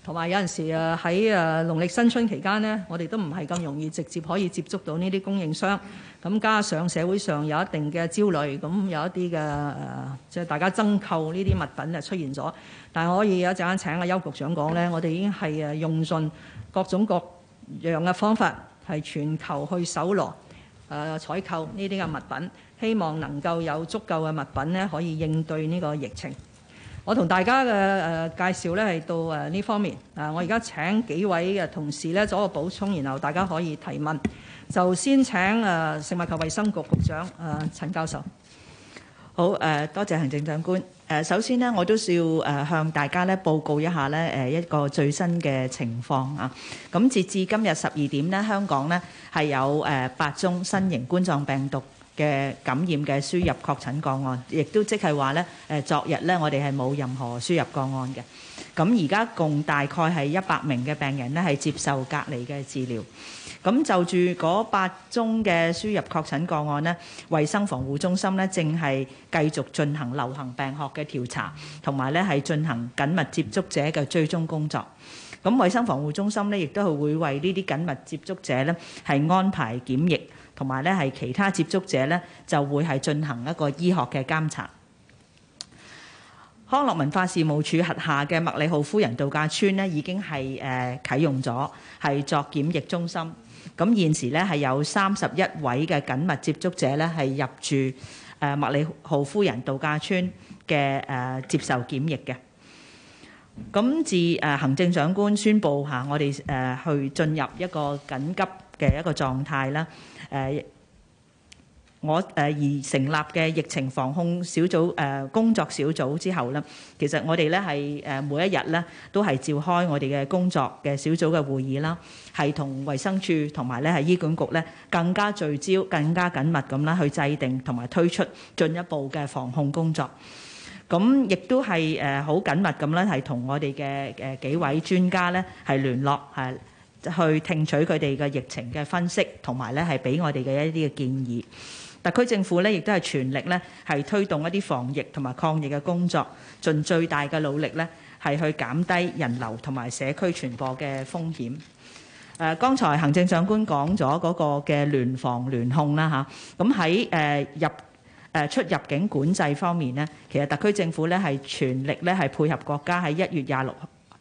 E: 同埋有陣時誒喺誒農曆新春期間呢，我哋都唔係咁容易直接可以接觸到呢啲供應商。咁加上社會上有一定嘅焦慮，咁有一啲嘅誒，即係大家爭購呢啲物品誒出現咗。但係我可以一陣間請阿邱局長講呢，我哋已經係誒用盡各種各樣嘅方法，係全球去搜羅誒採購呢啲嘅物品，希望能夠有足夠嘅物品呢，可以應對呢個疫情。我同大家嘅誒介紹咧係到誒呢方面啊，我而家請幾位嘅同事咧做個補充，然後大家可以提問。就先請誒食物及衞生局局長誒陳教授。
F: 好，誒，多謝行政長官。誒，首先呢，我都需要誒向大家咧報告一下咧誒一個最新嘅情況啊。咁截至今日十二點咧，香港咧係有誒八宗新型冠狀病毒嘅感染嘅輸入確診個案，亦都即係話咧誒，昨日咧我哋係冇任何輸入個案嘅。咁而家共大概係一百名嘅病人呢，係接受隔離嘅治療。咁就住嗰八宗嘅輸入確診個案呢，衛生防護中心呢，正係繼續進行流行病學嘅調查，同埋咧係進行緊密接觸者嘅追蹤工作。咁衛生防護中心呢，亦都係會為呢啲緊密接觸者呢，係安排檢疫。同埋咧，係其他接觸者咧，就會係進行一個醫學嘅監察。康樂文化事務處轄下嘅麥理浩夫人度假村咧，已經係誒啟用咗，係作檢疫中心。咁現時咧係有三十一位嘅緊密接觸者咧，係入住誒麥理浩夫人度假村嘅誒接受檢疫嘅。咁自誒行政長官宣布嚇，我哋誒去進入一個緊急。嘅一個狀態啦，誒，我誒而成立嘅疫情防控小組誒工作小組之後咧，其實我哋咧係誒每一日咧都係召開我哋嘅工作嘅小組嘅會議啦，係同衛生署同埋咧係醫管局咧更加聚焦、更加緊密咁啦去制定同埋推出進一步嘅防控工作。咁亦都係誒好緊密咁啦，係同我哋嘅誒幾位專家咧係聯絡係。去聽取佢哋嘅疫情嘅分析，同埋咧係俾我哋嘅一啲嘅建議。特區政府咧亦都係全力咧係推動一啲防疫同埋抗疫嘅工作，盡最大嘅努力咧係去減低人流同埋社區傳播嘅風險。誒，剛才行政長官講咗嗰個嘅聯防聯控啦吓，咁喺誒入誒出入境管制方面呢，其實特區政府咧係全力咧係配合國家喺一月廿六。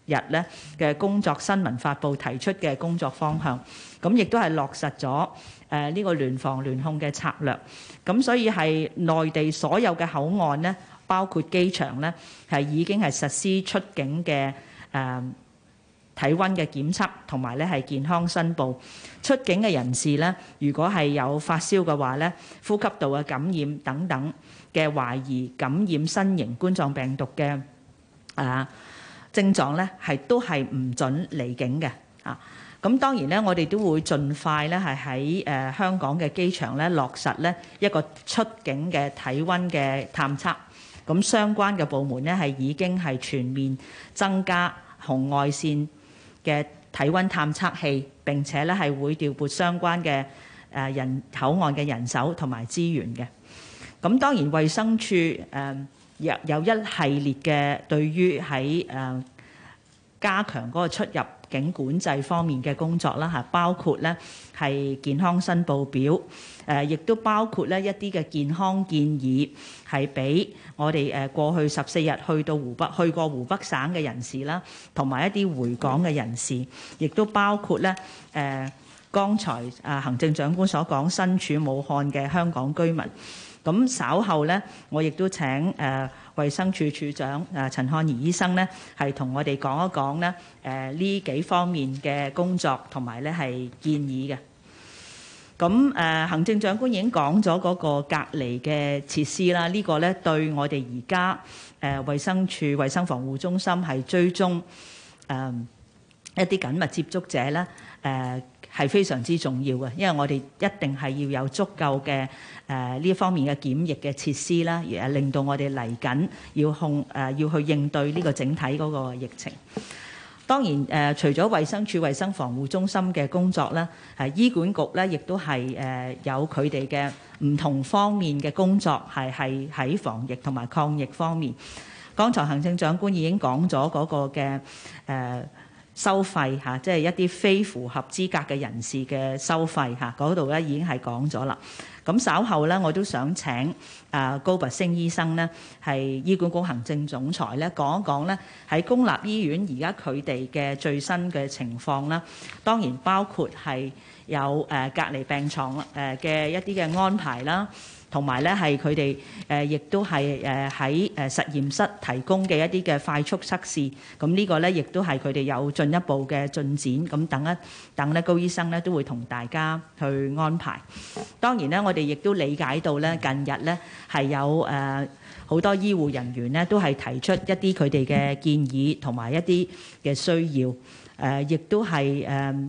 F: 日咧嘅工作新聞發佈提出嘅工作方向，咁亦都係落實咗誒呢個聯防聯控嘅策略。咁所以係內地所有嘅口岸咧，包括機場咧，係已經係實施出境嘅誒體溫嘅檢測，同埋咧係健康申報。出境嘅人士咧，如果係有發燒嘅話咧，呼吸道嘅感染等等嘅懷疑感染新型冠狀病毒嘅啊。症狀咧係都係唔准離境嘅啊！咁當然咧，我哋都會盡快咧係喺誒香港嘅機場咧落實咧一個出境嘅體溫嘅探測。咁相關嘅部門咧係已經係全面增加紅外線嘅體溫探測器，並且咧係會調撥相關嘅誒人口岸嘅人手同埋資源嘅。咁當然，衛生署誒，有一系列嘅對於喺誒加強嗰個出入境管制方面嘅工作啦嚇，包括咧係健康申報表，誒亦都包括咧一啲嘅健康建議係俾我哋誒過去十四日去到湖北、去過湖北省嘅人士啦，同埋一啲回港嘅人士，亦都包括咧誒剛才誒行政長官所講身處武漢嘅香港居民。咁稍後咧，我亦都請誒衛生署署長誒陳漢儀醫生咧，係同我哋講一講咧誒呢幾方面嘅工作同埋咧係建議嘅。咁誒行政長官已經講咗嗰個隔離嘅設施啦，呢個咧對我哋而家誒衛生署衞生防護中心係追蹤誒一啲緊密接觸者咧。誒係、呃、非常之重要嘅，因為我哋一定係要有足夠嘅誒呢方面嘅檢疫嘅設施啦，而令到我哋嚟緊要控誒、呃、要去應對呢個整體嗰個疫情。當然誒、呃，除咗衛生署衞生防護中心嘅工作咧，誒、呃、醫管局咧亦都係誒有佢哋嘅唔同方面嘅工作，係係喺防疫同埋抗疫方面。剛才行政長官已經講咗嗰個嘅誒，呃收費嚇，即係一啲非符合資格嘅人士嘅收費嚇，嗰度咧已經係講咗啦。咁稍後咧，我都想請啊高拔陞醫生咧，係醫管局行政總裁咧，講一講咧喺公立醫院而家佢哋嘅最新嘅情況啦。當然包括係有誒隔離病床誒嘅一啲嘅安排啦。同埋咧，係佢哋誒，亦都係誒喺誒實驗室提供嘅一啲嘅快速測試。咁呢個咧，亦都係佢哋有進一步嘅進展。咁等一等咧，高醫生咧都會同大家去安排。當然咧，我哋亦都理解到咧，近日咧係有誒好多醫護人員咧，都係提出一啲佢哋嘅建議同埋一啲嘅需要。誒，亦都係誒。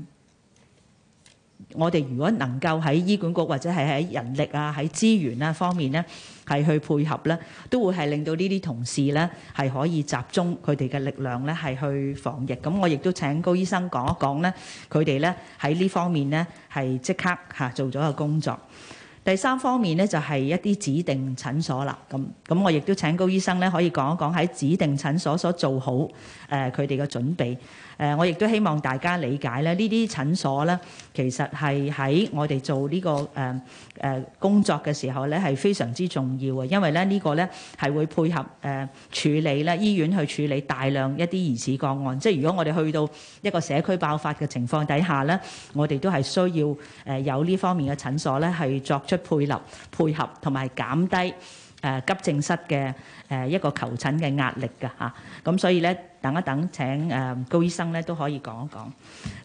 F: 我哋如果能夠喺醫管局或者係喺人力啊、喺資源啊方面咧，係去配合咧，都會係令到呢啲同事咧係可以集中佢哋嘅力量咧，係去防疫。咁我亦都請高醫生講一講咧，佢哋咧喺呢方面咧係即刻嚇做咗個工作。第三方面咧就係、是、一啲指定診所啦。咁咁我亦都請高醫生咧可以講一講喺指定診所所做好誒佢哋嘅準備。誒，我亦都希望大家理解咧，呢啲診所咧，其實係喺我哋做呢個誒誒工作嘅時候咧，係非常之重要嘅，因為咧呢個咧係會配合誒處理咧醫院去處理大量一啲疑似個案，即係如果我哋去到一個社區爆發嘅情況底下咧，我哋都係需要誒有呢方面嘅診所咧，係作出配合、配合同埋減低誒急症室嘅誒一個求診嘅壓力㗎吓。咁所以咧。等一等，請誒高醫生咧都可以講一講。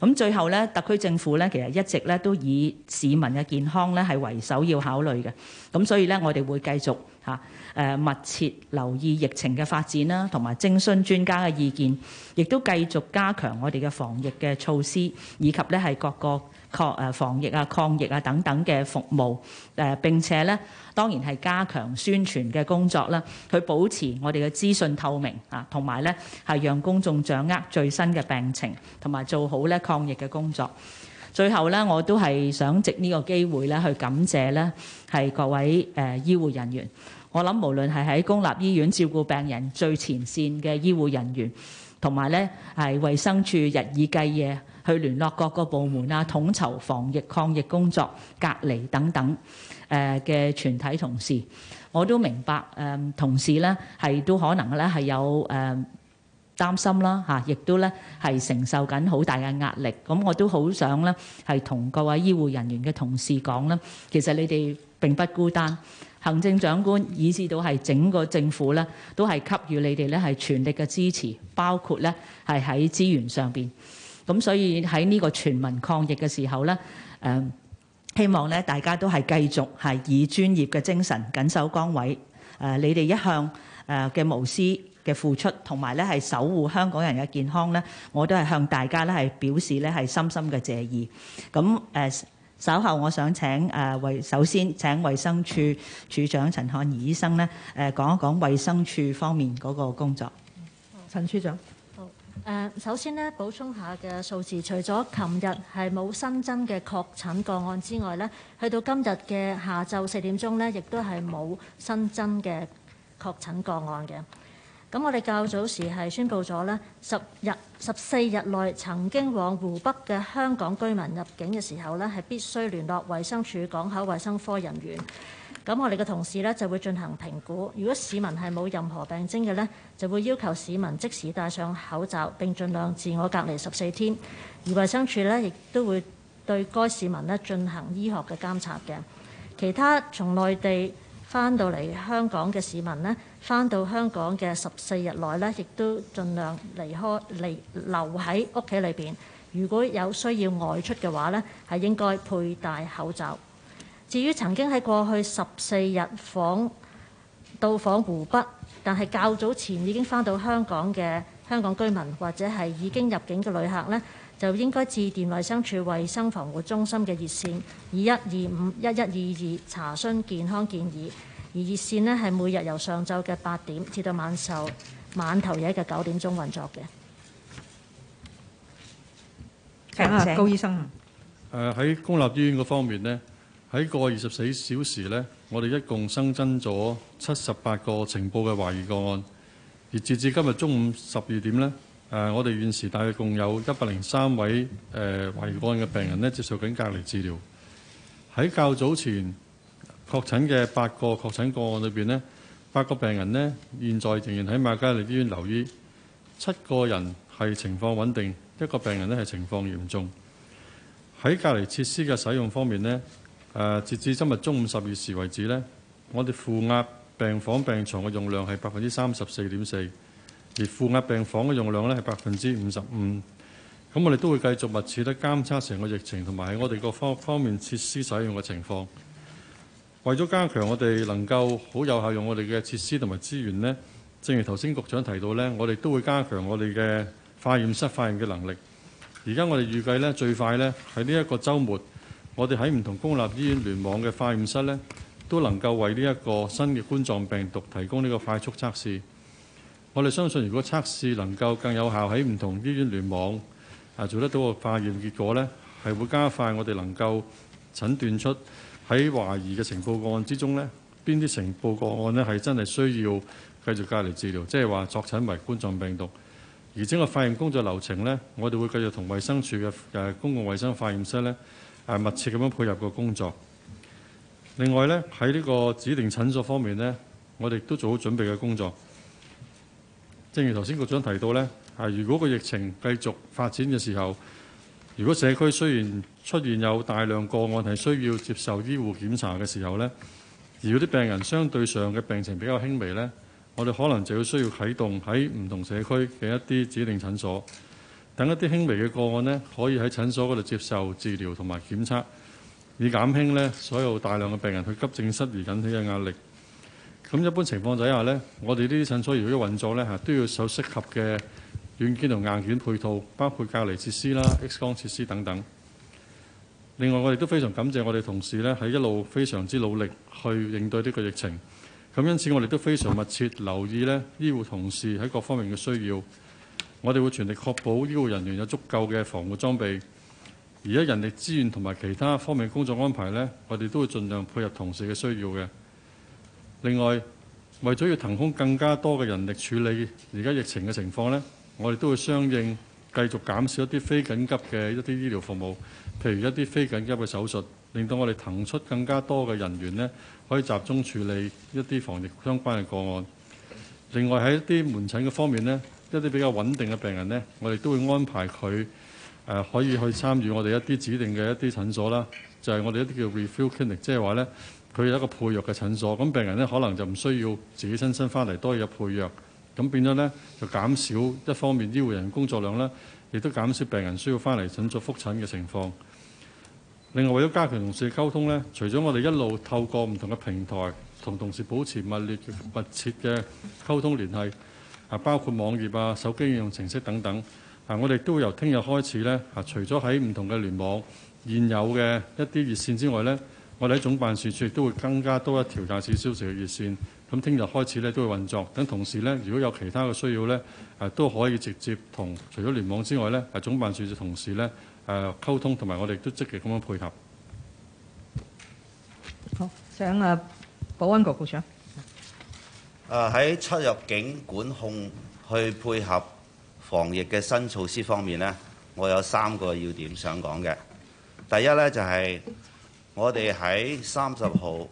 F: 咁最後咧，特區政府咧其實一直咧都以市民嘅健康咧係為首要考慮嘅。咁所以咧，我哋會繼續嚇誒密切留意疫情嘅發展啦，同埋徵詢專家嘅意見，亦都繼續加強我哋嘅防疫嘅措施，以及咧係各個。確誒防疫啊、抗疫啊等等嘅服務誒，並且咧當然係加強宣傳嘅工作啦。去保持我哋嘅資訊透明啊，同埋咧係讓公眾掌握最新嘅病情，同埋做好咧抗疫嘅工作。最後咧，我都係想藉呢個機會咧去感謝咧係各位誒醫護人員。我諗無論係喺公立醫院照顧病人最前線嘅醫護人員。同埋咧，係衛生署日以繼夜去聯絡各個部門啊，統籌防疫抗疫工作、隔離等等，誒嘅全體同事，我都明白誒同事咧係都可能咧係有誒擔心啦嚇，亦都咧係承受緊好大嘅壓力。咁我都好想咧係同各位醫護人員嘅同事講啦，其實你哋並不孤單。行政長官以至到係整個政府咧，都係給予你哋咧係全力嘅支持，包括咧係喺資源上邊。咁所以喺呢個全民抗疫嘅時候咧，誒希望咧大家都係繼續係以專業嘅精神緊守崗位。誒你哋一向誒嘅無私嘅付出，同埋咧係守護香港人嘅健康咧，我都係向大家咧係表示咧係深深嘅謝意。咁誒。稍後我想請誒衛，首先請衛生處處長陳漢儀醫生咧誒講一講衛生署方面嗰個工作。
G: 陳署長，好誒，首先咧補充下嘅數字，除咗琴日係冇新增嘅確診個案之外咧，去到今日嘅下晝四點鐘咧，亦都係冇新增嘅確診個案嘅。咁我哋較早時係宣布咗呢，十日十四日內曾經往湖北嘅香港居民入境嘅時候呢，係必須聯絡衛生署港口衞生科人員。咁我哋嘅同事呢就會進行評估，如果市民係冇任何病徵嘅呢，就會要求市民即時戴上口罩並盡量自我隔離十四天。而衛生署呢亦都會對該市民呢進行醫學嘅監察嘅。其他從內地翻到嚟香港嘅市民呢。返到香港嘅十四日內呢，亦都盡量離開、離留喺屋企裏邊。如果有需要外出嘅話呢，係應該佩戴口罩。至於曾經喺過去十四日訪到訪湖北，但係較早前已經返到香港嘅香港居民或者係已經入境嘅旅客呢，就應該致電衞生署衞生防護中心嘅熱線，二一二五一一二二查詢健康建議。而熱線呢，係每日由上晝嘅八點至到晚晝晚頭夜嘅九點鐘運作嘅。請啊，高醫生。
H: 誒喺、呃、公立醫院個方面呢，喺過二十四小時呢，我哋一共新增咗七十八個呈報嘅懷疑個案。而截至今日中午十二點呢，誒、呃、我哋現時大約共有一百零三位誒、呃、懷疑個案嘅病人呢，接受緊隔離治療。喺較早前，確診嘅八個確診個案裏邊呢八個病人呢現在仍然喺瑪嘉烈醫院留醫。七個人係情況穩定，一個病人呢係情況嚴重。喺隔離設施嘅使用方面呢誒截至今日中午十二時為止呢我哋負壓病房病床嘅用量係百分之三十四點四，而負壓病房嘅用量呢係百分之五十五。咁我哋都會繼續密切地監測成個疫情同埋喺我哋各方方面設施使用嘅情況。為咗加強我哋能夠好有效用我哋嘅設施同埋資源咧，正如頭先局長提到咧，我哋都會加強我哋嘅化驗室化驗嘅能力。而家我哋預計咧，最快咧喺呢一個週末，我哋喺唔同公立醫院聯網嘅化驗室咧，都能夠為呢一個新嘅冠狀病毒提供呢個快速測試。我哋相信，如果測試能夠更有效喺唔同醫院聯網啊做得到個化驗結果咧，係會加快我哋能夠診斷出。喺懷疑嘅呈報個案之中呢，邊啲呈報個案呢係真係需要繼續隔離治療？即係話作診為冠狀病毒，而整個化驗工作流程呢，我哋會繼續同衛生署嘅誒公共衞生化驗室呢誒密切咁樣配合個工作。另外呢，喺呢個指定診所方面呢，我哋都做好準備嘅工作。正如頭先局長提到呢，啊如果個疫情繼續發展嘅時候，如果社區雖然出現有大量個案係需要接受醫護檢查嘅時候呢，如果啲病人相對上嘅病情比較輕微呢，我哋可能就要需要啟動喺唔同社區嘅一啲指定診所，等一啲輕微嘅個案呢，可以喺診所嗰度接受治療同埋檢測，以減輕呢所有大量嘅病人去急症室而引起嘅壓力。咁一般情況底下呢，我哋呢啲診所如果要運作呢，吓都要有適合嘅軟件同硬件配套，包括隔離設施啦、X 光設施等等。另外，我哋都非常感謝我哋同事呢，喺一路非常之努力去應對呢個疫情。咁因此，我哋都非常密切留意呢醫護同事喺各方面嘅需要。我哋會全力確保醫護人員有足夠嘅防護裝備，而家人力資源同埋其他方面工作安排呢，我哋都會盡量配合同事嘅需要嘅。另外，為咗要騰空更加多嘅人力處理而家疫情嘅情況呢，我哋都會相應繼續減少一啲非緊急嘅一啲醫療服務。譬如一啲非緊急嘅手術，令到我哋騰出更加多嘅人員，呢可以集中處理一啲防疫相關嘅個案。另外喺一啲門診嘅方面呢，一啲比較穩定嘅病人呢，我哋都會安排佢誒、呃、可以去參與我哋一啲指定嘅一啲診所啦。就係、是、我哋一啲叫 refill clinic，即係話呢，佢有一個配藥嘅診所。咁病人呢，可能就唔需要自己親身翻嚟，多嘢配藥。咁變咗呢，就減少一方面醫護人員工作量啦，亦都減少病人需要翻嚟診所覆診嘅情況。另外為咗加強同事嘅溝通呢，除咗我哋一路透過唔同嘅平台同同事保持密密切嘅溝通聯繫，啊，包括網頁啊、手機應用程式等等，啊，我哋都會由聽日開始呢啊，除咗喺唔同嘅聯網現有嘅一啲熱線之外呢，我哋喺總辦事處都會更加多一條廿四小時嘅熱線，咁聽日開始呢都會運作。等同事呢，如果有其他嘅需要呢，啊，都可以直接同除咗聯網之外呢，係總辦事處同事呢。誒溝通同埋我哋都
I: 積極咁樣配合。
E: 好，請誒保安局
B: 局長。
I: 誒喺出入境管控去配合防疫嘅新措施方面呢，我有三個要點想講嘅。第一呢，就係我哋喺三十號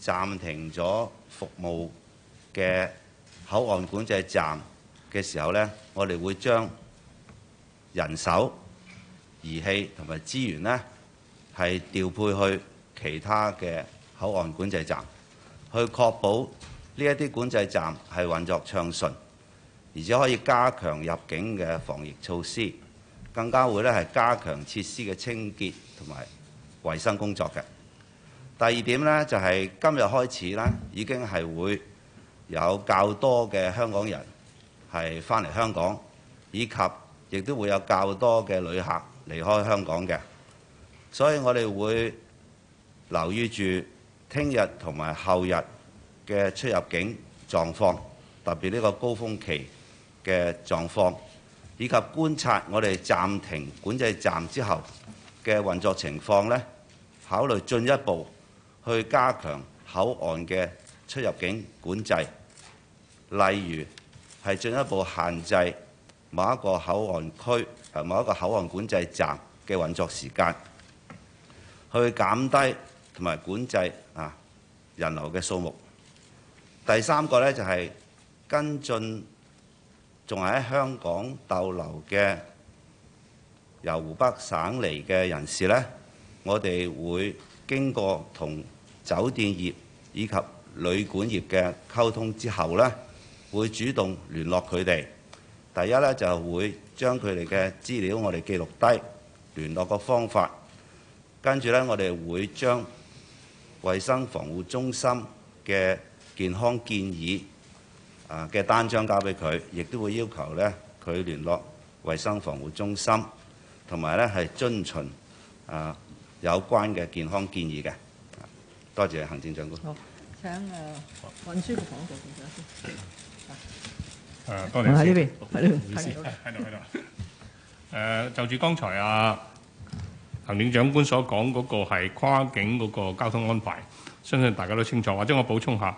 I: 暫停咗服務嘅口岸管制站嘅時候呢，我哋會將人手儀器同埋資源呢，係調配去其他嘅口岸管制站，去確保呢一啲管制站係運作暢順，而且可以加強入境嘅防疫措施，更加會咧係加強設施嘅清潔同埋衞生工作嘅。第二點呢，就係今日開始呢，已經係會有較多嘅香港人係翻嚟香港，以及亦都會有較多嘅旅客離開香港嘅，所以我哋會留意住聽日同埋後日嘅出入境狀況，特別呢個高峰期嘅狀況，以及觀察我哋暫停管制站之後嘅運作情況呢，考慮進一步去加強口岸嘅出入境管制，例如係進一步限制某一個口岸區。某一個口岸管制站嘅運作時間，去減低同埋管制啊人流嘅數目。第三個呢，就是，就係跟進，仲喺香港逗留嘅由湖北省嚟嘅人士呢，我哋會經過同酒店業以及旅館業嘅溝通之後呢，會主動聯絡佢哋。第一咧就會將佢哋嘅資料我哋記錄低、聯絡個方法，跟住咧我哋會將衞生防護中心嘅健康建議啊嘅單張交俾佢，亦都會要求咧佢聯絡衞生防護中心，同埋咧係遵循啊有關嘅健康建議嘅。多謝行政長官。好，請誒
E: 運輸及房屋局局長誒，多謝先。喺呢邊，
J: 唔好意思，喺度喺度。誒，就住剛才呀行政長官所講嗰個係跨境嗰個交通安排，相信大家都清楚。或者我補充下，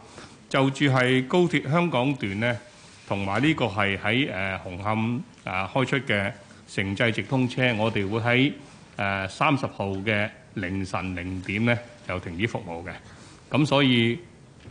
J: 就住係高鐵香港段呢，同埋呢個係喺誒紅磡啊開出嘅城際直通車，我哋會喺誒三十號嘅凌晨零點呢就停止服務嘅。咁所以。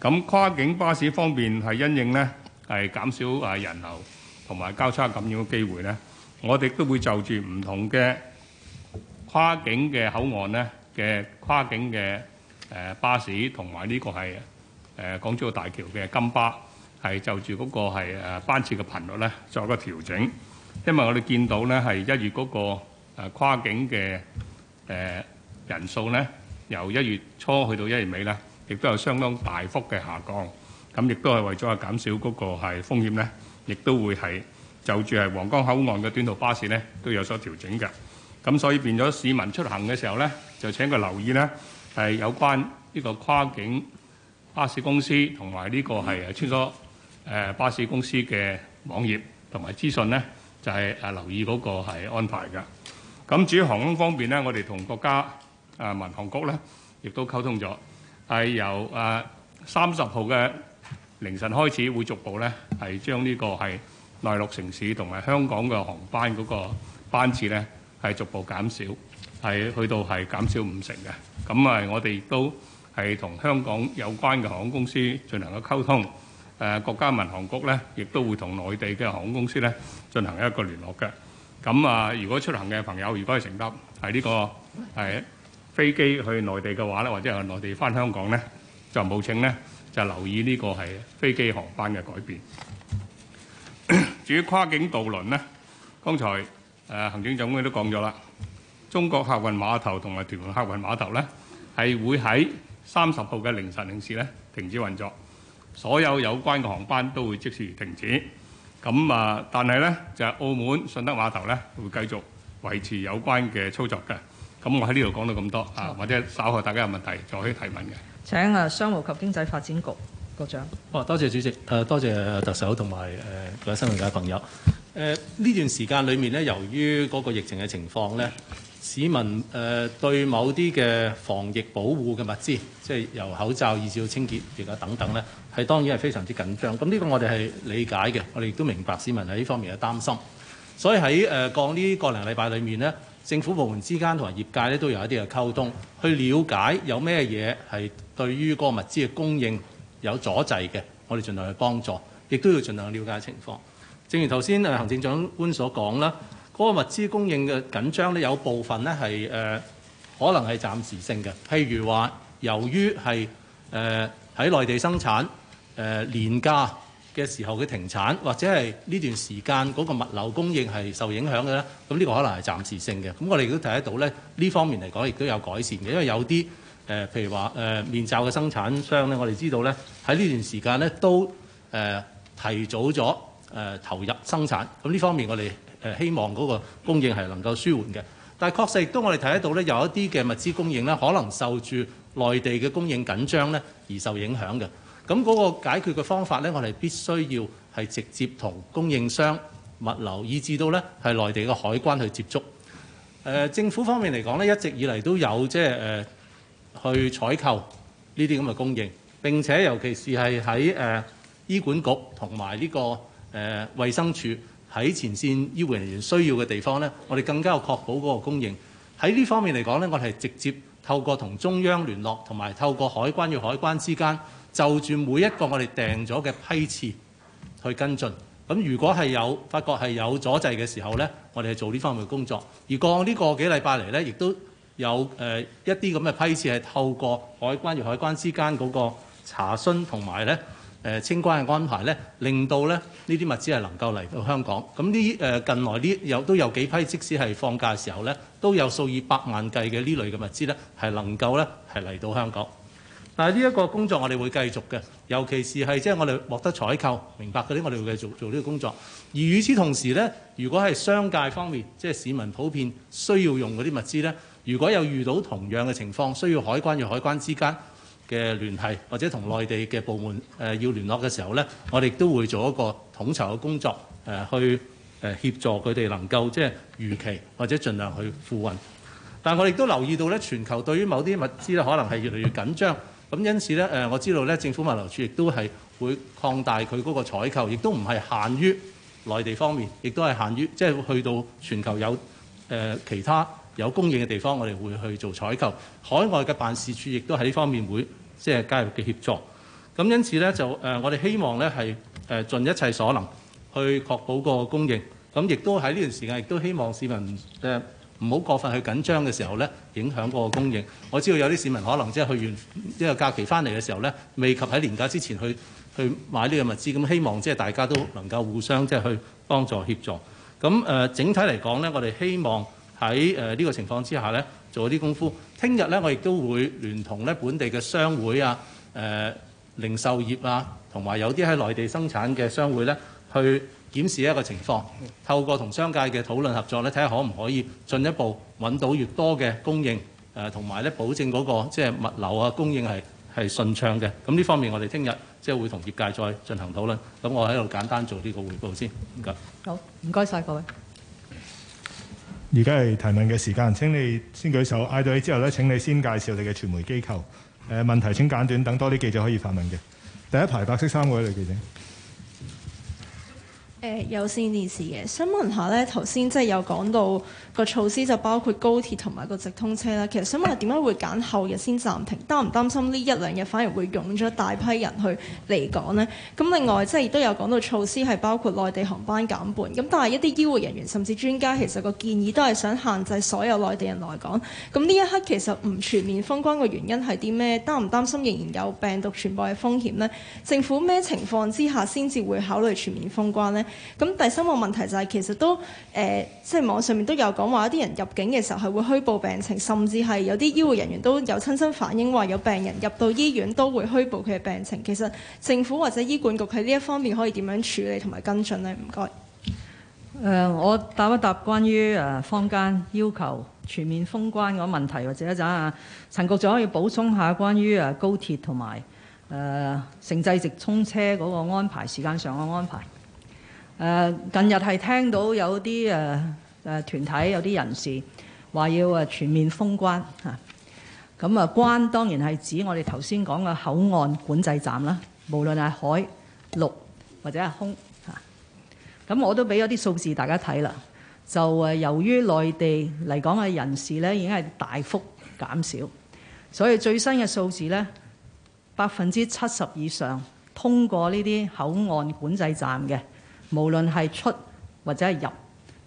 J: 咁跨境巴士方面係因應咧，係減少啊人流同埋交叉感染嘅機會咧，我哋都會就住唔同嘅跨境嘅口岸咧嘅跨境嘅誒巴士同埋呢個係誒港珠澳大橋嘅金巴，係就住嗰個係誒班次嘅頻率咧作一個調整，因為我哋見到咧係一月嗰個誒跨境嘅誒人數咧，由一月初去到一月尾咧，亦都有相當大幅嘅下降，咁亦都係為咗係減少嗰個係風險呢，亦都會係就住係黃江口岸嘅短途巴士呢都有所調整嘅。咁所以變咗市民出行嘅時候呢，就請佢留意呢係有關呢個跨境巴士公司同埋呢個係穿梭誒巴士公司嘅網頁同埋資訊呢，就係誒留意嗰個係安排嘅。咁至於航空方面呢，我哋同國家啊民航局呢亦都溝通咗。係由誒三十號嘅凌晨開始，會逐步咧係將呢個係內陸城市同埋香港嘅航班嗰個班次咧係逐步減少，係去到係減少五成嘅。咁啊，我哋亦都係同香港有關嘅航空公司進行咗溝通。誒，國家民航局咧亦都會同內地嘅航空公司咧進行一個聯絡嘅。咁啊，如果出行嘅朋友如果係承擔係呢個係。飛機去內地嘅話咧，或者係內地翻香港咧，就冇請咧，就留意呢個係飛機航班嘅改變。至於跨境渡輪咧，剛才誒行政長官都講咗啦，中國客運碼頭同埋屯門客運碼頭咧，係會喺三十號嘅凌晨零時咧停止運作，所有有關嘅航班都會即時停止。咁啊，但係咧就係澳門順德碼頭咧會繼續維持有關嘅操作嘅。咁我喺呢度講到咁多啊，或者稍後大家有問題，再可以提問嘅。
E: 請啊，商務及經濟發展局局長。
J: 哦，多謝主席。誒，多謝特首同埋誒各位新聞界的朋友。
K: 誒，呢段時間裏面咧，由於嗰個疫情嘅情況咧，市民誒對某啲嘅防疫保護嘅物資，即係由口罩，以至到清潔液啊等等咧，係當然係非常之緊張。咁、這、呢個我哋係理解嘅，我哋亦都明白市民喺呢方面嘅擔心。所以喺誒過呢個零禮拜裏面呢。政府部門之間同埋業界咧都有一啲嘅溝通，去了解有咩嘢係對於嗰個物資嘅供應有阻滯嘅，我哋盡量去幫助，亦都要盡量去了解情況。正如頭先誒行政長官所講啦，嗰個物資供應嘅緊張咧，有部分咧係誒可能係暫時性嘅，譬如話由於係誒喺內地生產誒廉價嘅時候嘅停產，或者係呢段時間嗰個物流供應係受影響嘅咧，咁呢個可能係暫時性嘅。咁我哋亦都睇得到咧，呢方面嚟講亦都有改善嘅，因為有啲誒、呃，譬如話誒、呃、面罩嘅生產商呢，我哋知道呢喺呢段時間呢都誒、呃、提早咗誒、呃、投入生產。咁呢方面我哋誒希望嗰個供應係能夠舒緩嘅。但係確實亦都我哋睇得到咧，有一啲嘅物資供應呢，可能受住內地嘅供應緊張呢而受影響嘅。咁嗰個解決嘅方法呢，我哋必須要係直接同供應商、物流，以至到呢係內地嘅海關去接觸。呃、政府方面嚟講呢，一直以嚟都有即係、呃、去採購呢啲咁嘅供應。並且尤其是係喺誒醫管局同埋呢個誒、呃、衛生署喺前線醫護人員需要嘅地方呢，我哋更加有確保嗰個供應。喺呢方面嚟講呢，我哋係直接透過同中央聯絡，同埋透過海關與海關之間。就住每一個我哋訂咗嘅批次去跟進，咁如果係有發覺係有阻滯嘅時候呢，我哋係做呢方面嘅工作。而過往呢個幾禮拜嚟呢，亦都有一啲咁嘅批次係透過海關與海關之間嗰個查詢同埋呢清關嘅安排呢，令到呢啲物資係能夠嚟到香港。咁呢近來呢有都有幾批，即使係放假時候呢，都有數以百萬計嘅呢類嘅物資呢，係能夠呢係嚟到香港。但呢一個工作我哋會繼續嘅，尤其是係即係我哋獲得採購，明白嗰啲我哋會繼續做呢個工作。而與此同時呢，如果係商界方面，即係市民普遍需要用嗰啲物資呢，如果有遇到同樣嘅情況，需要海關與海關之間嘅聯繫，或者同內地嘅部門要聯絡嘅時候呢，我哋都會做一個統籌嘅工作，去協助佢哋能夠即係如期或者盡量去付運。但我哋都留意到呢，全球對於某啲物資呢，可能係越嚟越緊張。咁因此呢，誒我知道呢政府物流處亦都係會擴大佢嗰個採購，亦都唔係限於內地方面，亦都係限於即係去到全球有誒其他有供應嘅地方，我哋會去做採購。海外嘅辦事處亦都喺呢方面會即係加入嘅協助。咁因此呢，就誒我哋希望呢係誒盡一切所能去確保個供應。咁亦都喺呢段時間，亦都希望市民嘅，唔好過分去緊張嘅時候呢，影響嗰個供應。我知道有啲市民可能即係去完一個假期翻嚟嘅時候呢，未及喺年假之前去去買呢個物資。咁希望即係大家都能夠互相即係去幫助協助。咁誒、呃，整體嚟講呢，我哋希望喺誒呢個情況之下呢，做一啲功夫。聽日呢，我亦都會聯同呢本地嘅商會啊、誒、呃、零售業啊，同埋有啲喺內地生產嘅商會呢去，檢視一個情況，透過同商界嘅討論合作呢，睇下可唔可以進一步揾到越多嘅供應，誒同埋呢保證嗰個即係物流啊供應係係順暢嘅。咁呢方面我哋聽日即係會同業界再進行討論。咁我喺度簡單做呢個匯報先。唔該。
E: 好，唔該晒各位。
D: 而家係提問嘅時間，請你先舉手。嗌到你之後呢，請你先介紹你嘅傳媒機構。誒、呃、問題請簡短，等多啲記者可以發問嘅。第一排白色衫嗰位，女記者。
L: 誒、呃、有線電視嘅，想問下呢頭先即係有講到個措施就包括高鐵同埋個直通車啦。其實想問下，點解會揀後日先暫停？擔唔擔心呢一兩日反而會湧咗大批人去嚟港呢？咁另外即係亦都有講到措施係包括內地航班減半。咁但係一啲醫護人員甚至專家其實個建議都係想限制所有內地人來港。咁呢一刻其實唔全面封關嘅原因係啲咩？擔唔擔心仍然有病毒傳播嘅風險呢？政府咩情況之下先至會考慮全面封關呢？咁第三個問題就係其實都誒，即、呃、係、就是、網上面都有講話，一啲人入境嘅時候係會虛報病情，甚至係有啲醫護人員都有親身反映話有病人入到醫院都會虛報佢嘅病情。其實政府或者醫管局喺呢一方面可以點樣處理同埋跟進呢？唔該。
E: 誒、呃，我答一答關於誒坊間要求全面封關嗰個問題，或者一陣陳局長可以補充下關於誒高鐵同埋誒城際直通車嗰個安排時間上嘅安排。誒近日係聽到有啲誒誒團體，有啲人士話要誒全面封關嚇，咁啊關當然係指我哋頭先講嘅口岸管制站啦，無論係海陸或者係空嚇。咁我都俾咗啲數字大家睇啦，就誒由於內地嚟講嘅人士咧已經係大幅減少，所以最新嘅數字咧，百分之七十以上通過呢啲口岸管制站嘅，無論係出或者係入，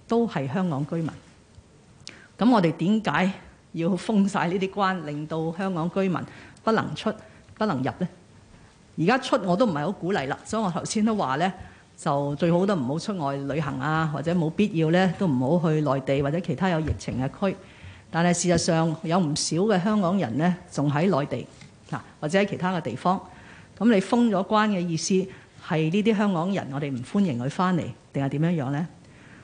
E: 都係香港居民。咁我哋點解要封晒呢啲關，令到香港居民不能出、不能入呢？而家出我都唔係好鼓勵啦，所以我頭先都話咧，就最好都唔好出外旅行啊，或者冇必要咧都唔好去內地或者其他有疫情嘅區。但係事實上有唔少嘅香港人咧，仲喺內地或者喺其他嘅地方。咁你封咗關嘅意思？係呢啲香港人，我哋唔歡迎佢翻嚟，定係點樣樣呢？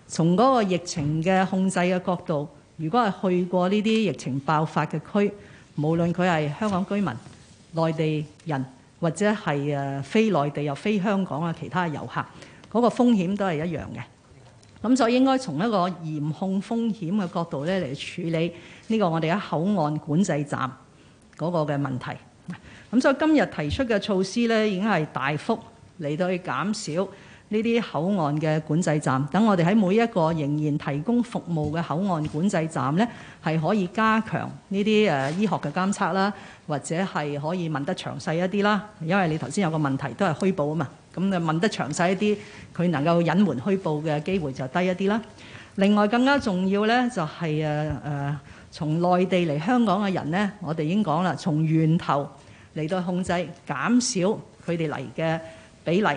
E: 從嗰個疫情嘅控制嘅角度，如果係去過呢啲疫情爆發嘅區，無論佢係香港居民、內地人或者係誒非內地又非香港嘅其他遊客，嗰個風險都係一樣嘅。咁所以應該從一個嚴控風險嘅角度咧嚟處理呢個我哋喺口岸管制站嗰個嘅問題。咁所以今日提出嘅措施咧，已經係大幅。嚟到去減少呢啲口岸嘅管制站，等我哋喺每一個仍然提供服務嘅口岸管制站咧，係可以加強呢啲誒醫學嘅監測啦，或者係可以問得詳細一啲啦。因為你頭先有個問題都係虛報啊嘛，咁你問得詳細一啲，佢能夠隱瞞虛報嘅機會就低一啲啦。另外更加重要咧，就係誒誒從內地嚟香港嘅人咧，我哋已經講啦，從源頭嚟到控制減少佢哋嚟嘅。比例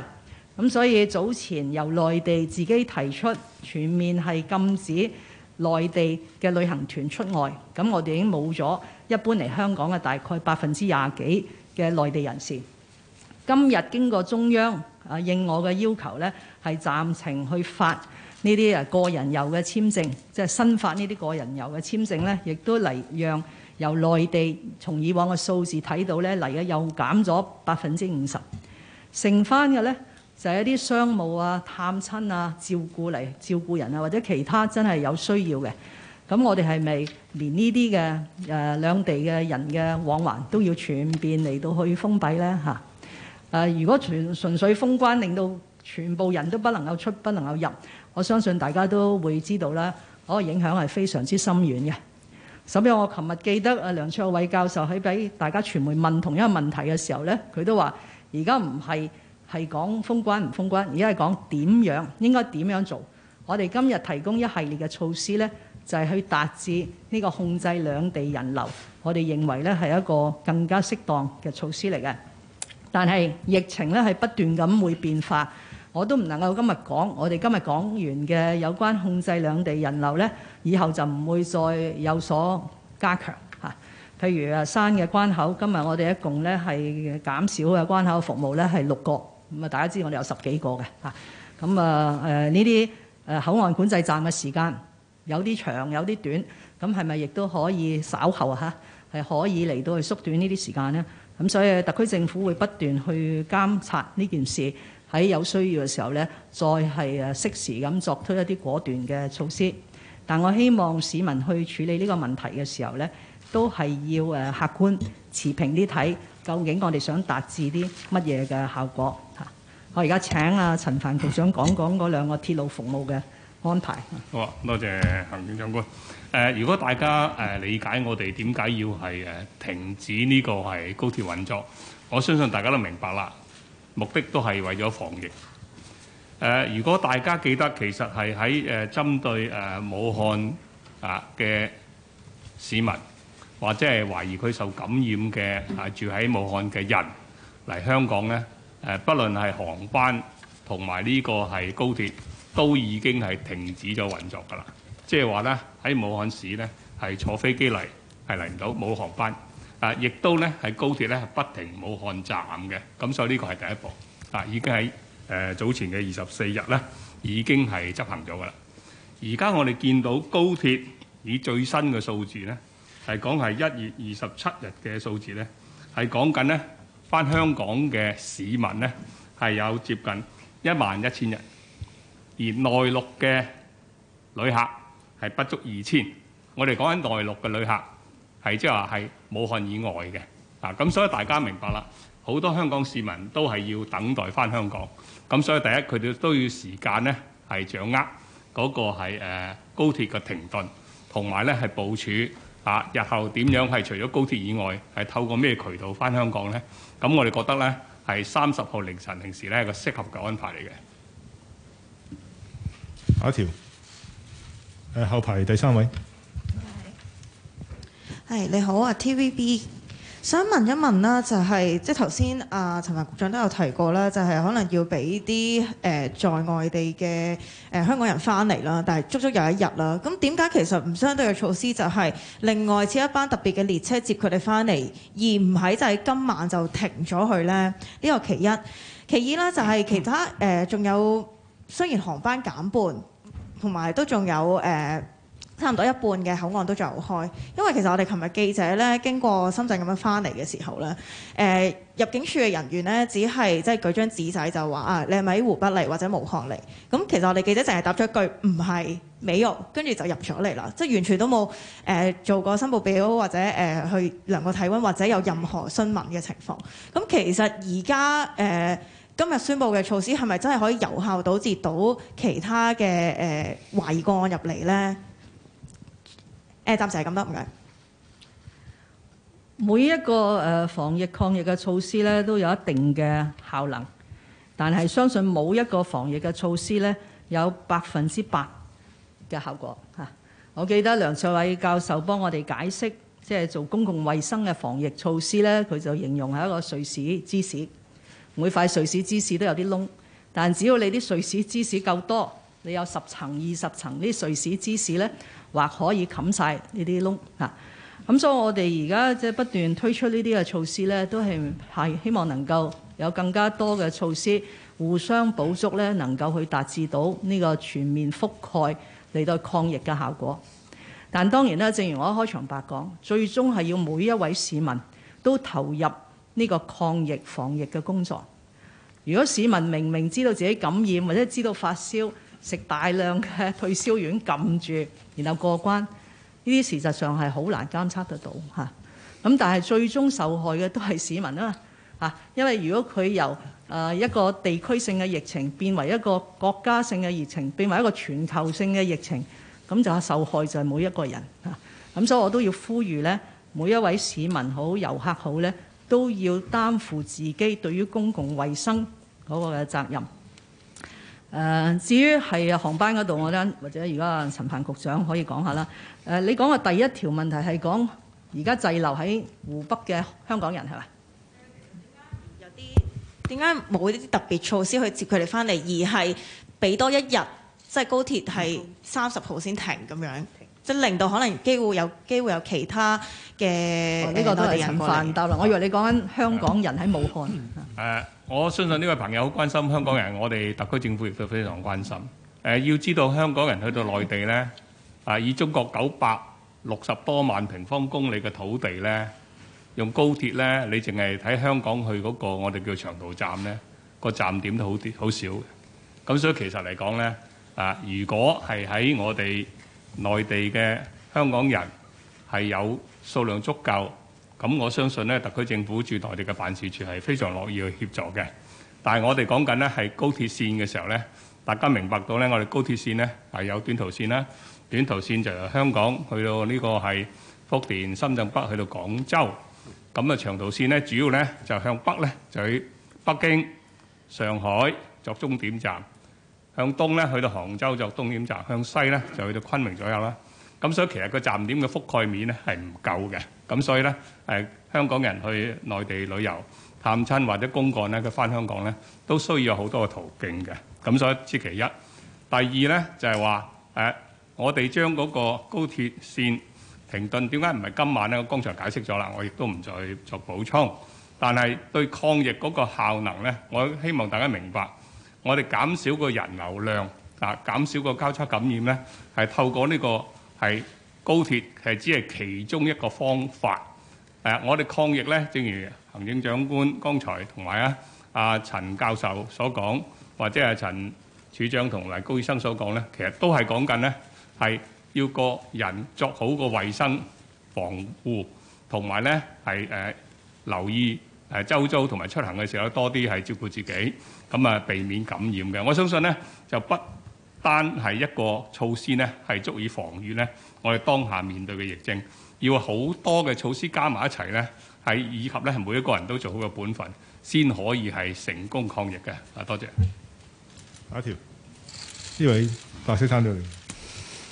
E: 咁，所以早前由內地自己提出全面係禁止內地嘅旅行團出外，咁我哋已經冇咗一般嚟香港嘅大概百分之廿幾嘅內地人士。今日經過中央啊應我嘅要求呢，係暫停去發呢啲啊個人遊嘅簽證，即係新發呢啲個人遊嘅簽證呢，亦都嚟讓由內地從以往嘅數字睇到呢，嚟嘅又減咗百分之五十。剩翻嘅呢，就係、是、一啲商務啊、探親啊、照顧嚟照顧人啊，或者其他真係有需要嘅。咁我哋係咪連呢啲嘅誒兩地嘅人嘅往還都要全面嚟到去封閉呢？啊、如果全、純粹封關，令到全部人都不能夠出、不能夠入，我相信大家都會知道啦。嗰、那個影響係非常之深遠嘅。首先，我琴日記得阿梁卓偉教授喺俾大家傳媒問同一個問題嘅時候呢，佢都話，而家唔係係講封關唔封關，而家係講點樣應該點樣做。我哋今日提供一系列嘅措施咧，就係去達至呢個控制兩地人流。我哋認為咧係一個更加適當嘅措施嚟嘅。但係疫情咧係不斷咁會變化，我都唔能夠今日講。我哋今日講完嘅有關控制兩地人流咧，以後就唔會再有所加強。譬如啊，山嘅關口，今日我哋一共咧係減少嘅關口服務咧係六個，咁啊，大家知我哋有十幾個嘅嚇。咁啊，誒呢啲誒口岸管制站嘅時間有啲長，有啲短，咁係咪亦都可以稍後嚇係可以嚟到去縮短呢啲時間呢？咁所以特區政府會不斷去監察呢件事，喺有需要嘅時候咧，再係誒適時咁作出一啲果斷嘅措施。但我希望市民去處理呢個問題嘅時候咧。都係要誒客觀持平啲睇，究竟我哋想達至啲乜嘢嘅效果嚇？我而家請阿陳帆局長講講嗰兩個鐵路服務嘅安排。
J: 好啊，多謝行政長官。誒，如果大家誒理解我哋點解要係誒停止呢個係高鐵運作，我相信大家都明白啦。目的都係為咗防疫。誒，如果大家記得，其實係喺誒針對誒武漢啊嘅市民，或者係懷疑佢受感染嘅，係住喺武漢嘅人嚟香港呢，誒，不論係航班同埋呢個係高鐵，都已經係停止咗運作㗎啦。即係話呢，喺武漢市呢，係坐飛機嚟係嚟唔到，冇航班啊，亦都呢係高鐵呢不停武漢站嘅。咁所以呢個係第一步啊，已經喺誒、呃、早前嘅二十四日呢，已經係執行咗㗎啦。而家我哋見到高鐵以最新嘅數字呢，係講係一月二十七日嘅數字呢，係講緊呢返香港嘅市民呢係有接近一萬一千人，而內陸嘅旅客係不足二千。我哋講緊內陸嘅旅客係即係話係武漢以外嘅啊。咁所以大家明白啦，好多香港市民都係要等待返香港咁，所以第一佢哋都要時間呢係掌握嗰個係誒高鐵嘅停頓，同埋呢係部署。啊！日後點樣係除咗高鐵以外，係透過咩渠道翻香港呢？咁我哋覺得呢，係三十號凌晨平時呢個適合嘅安排嚟嘅。
D: 下一條，誒、啊、後排第三位，
L: 係你好啊 TVB。TV 想問一問啦，就係即係頭先啊陳帆局長都有提過啦，就係、是、可能要俾啲誒在外地嘅誒、呃、香港人翻嚟啦，但係足足有一日啦。咁點解其實唔相對嘅措施就係另外設一班特別嘅列車接佢哋翻嚟，而唔喺就係今晚就停咗佢咧？呢、這個其一，其二啦就係、是、其他誒仲有雖然航班減半，同埋都仲有誒。呃差唔多一半嘅口岸都仲有開，因為其實我哋琴日記者咧經過深圳咁樣翻嚟嘅時候咧，誒、呃、入境處嘅人員咧只係即係舉張紙仔就話啊，你係咪喺湖北嚟或者武漢嚟？咁、嗯、其實我哋記者淨係答咗一句唔係美容」。跟住就入咗嚟啦，即係完全都冇誒、呃、做過申報表或者誒、呃、去量個體温或者有任何詢問嘅情況。咁、嗯、其實而家誒今日宣布嘅措施係咪真係可以有效堵截到其他嘅誒、呃、懷疑個案入嚟咧？誒、欸，暫時係咁多，唔該。
E: 每一個誒防疫抗疫嘅措施咧，都有一定嘅效能，但係相信冇一個防疫嘅措施咧，有百分之百嘅效果嚇。我記得梁卓偉教授幫我哋解釋，即係做公共衛生嘅防疫措施咧，佢就形容係一個瑞士芝士，每塊瑞士芝士都有啲窿，但只要你啲瑞士芝士夠多。你有十層、二十層啲瑞士芝士呢，或可以冚晒呢啲窿嚇。咁所以我哋而家即不斷推出呢啲嘅措施呢，都係希望能夠有更加多嘅措施互相補足呢，能夠去達至到呢個全面覆蓋嚟到抗疫嘅效果。但當然咧，正如我一開場白講，最終係要每一位市民都投入呢個抗疫防疫嘅工作。如果市民明明知道自己感染或者知道發燒，食大量嘅退燒丸撳住，然後過關，呢啲事實上係好難監測得到咁、啊、但係最終受害嘅都係市民啊嘛，因為如果佢由、呃、一個地區性嘅疫情變為一個國家性嘅疫情，變為一個全球性嘅疫情，咁、啊、就係受害就係每一個人嚇。咁、啊、所以我都要呼籲呢每一位市民好、遊客好呢，都要擔負自己對於公共衛生嗰個嘅責任。誒，至於係航班嗰度，我諗或者如果阿陳鵬局長可以講下啦。誒，你講嘅第一條問題係講而家滯
L: 留喺湖北嘅香港人係咪？點
E: 解
L: 有啲點解冇一啲特別措施去接佢哋翻嚟，而係俾多一日，即係高鐵係三十號先停咁樣？即係令到可能機會有機會有其他嘅內地人犯搭啦，我以為你講緊香港人喺武漢。
J: 誒，我相信呢位朋友好關心香港人，我哋特區政府亦都非常關心。誒，要知道香港人去到內地呢，啊，以中國九百六十多萬平方公里嘅土地呢，用高鐵呢，你淨係睇香港去嗰個我哋叫長途站呢，個站點都好啲好少嘅。咁所以其實嚟講呢，啊，如果係喺我哋內地嘅香港人係有數量足夠，咁我相信呢，特區政府駐內地嘅辦事處係非常樂意去協助嘅。但係我哋講緊呢係高鐵線嘅時候呢，大家明白到呢，我哋高鐵線呢，係有短途線啦，短途線就由香港去到呢個係福田深圳北去到廣州，咁啊長途線呢，主要呢就向北呢，就喺北京、上海作終點站。向東咧，去到杭州就終點站；向西咧，就去到昆明左右啦。咁所以其實個站點嘅覆蓋面咧係唔夠嘅。咁所以咧，誒，香港人去內地旅遊、探親或者公幹咧，佢返香港咧都需要好多個途徑嘅。咁所以此其一，第二咧就係話誒，我哋將嗰個高鐵線停頓，點解唔係今晚咧？我剛才解釋咗啦，我亦都唔再作補充。但係對抗疫嗰個效能咧，我希望大家明白。我哋減少個人流量啊，減少個交叉感染呢，係透過呢個係高鐵，係只係其中一個方法。誒，我哋抗疫呢，正如行政長官剛才同埋啊，阿陳教授所講，或者係陳處長同埋高醫生所講呢，其實都係講緊呢，係要個人作好個衞生防護，同埋呢係誒、呃、留意誒周遭同埋出行嘅時候多啲係照顧自己。咁啊，避免感染嘅，我相信呢就不單係一個措施呢，係足以防禦呢我哋當下面對嘅疫症，要好多嘅措施加埋一齊呢，係以及呢，係每一個人都做好嘅本分，先可以係成功抗疫嘅。啊，多謝。
D: 下一條，呢位白先生。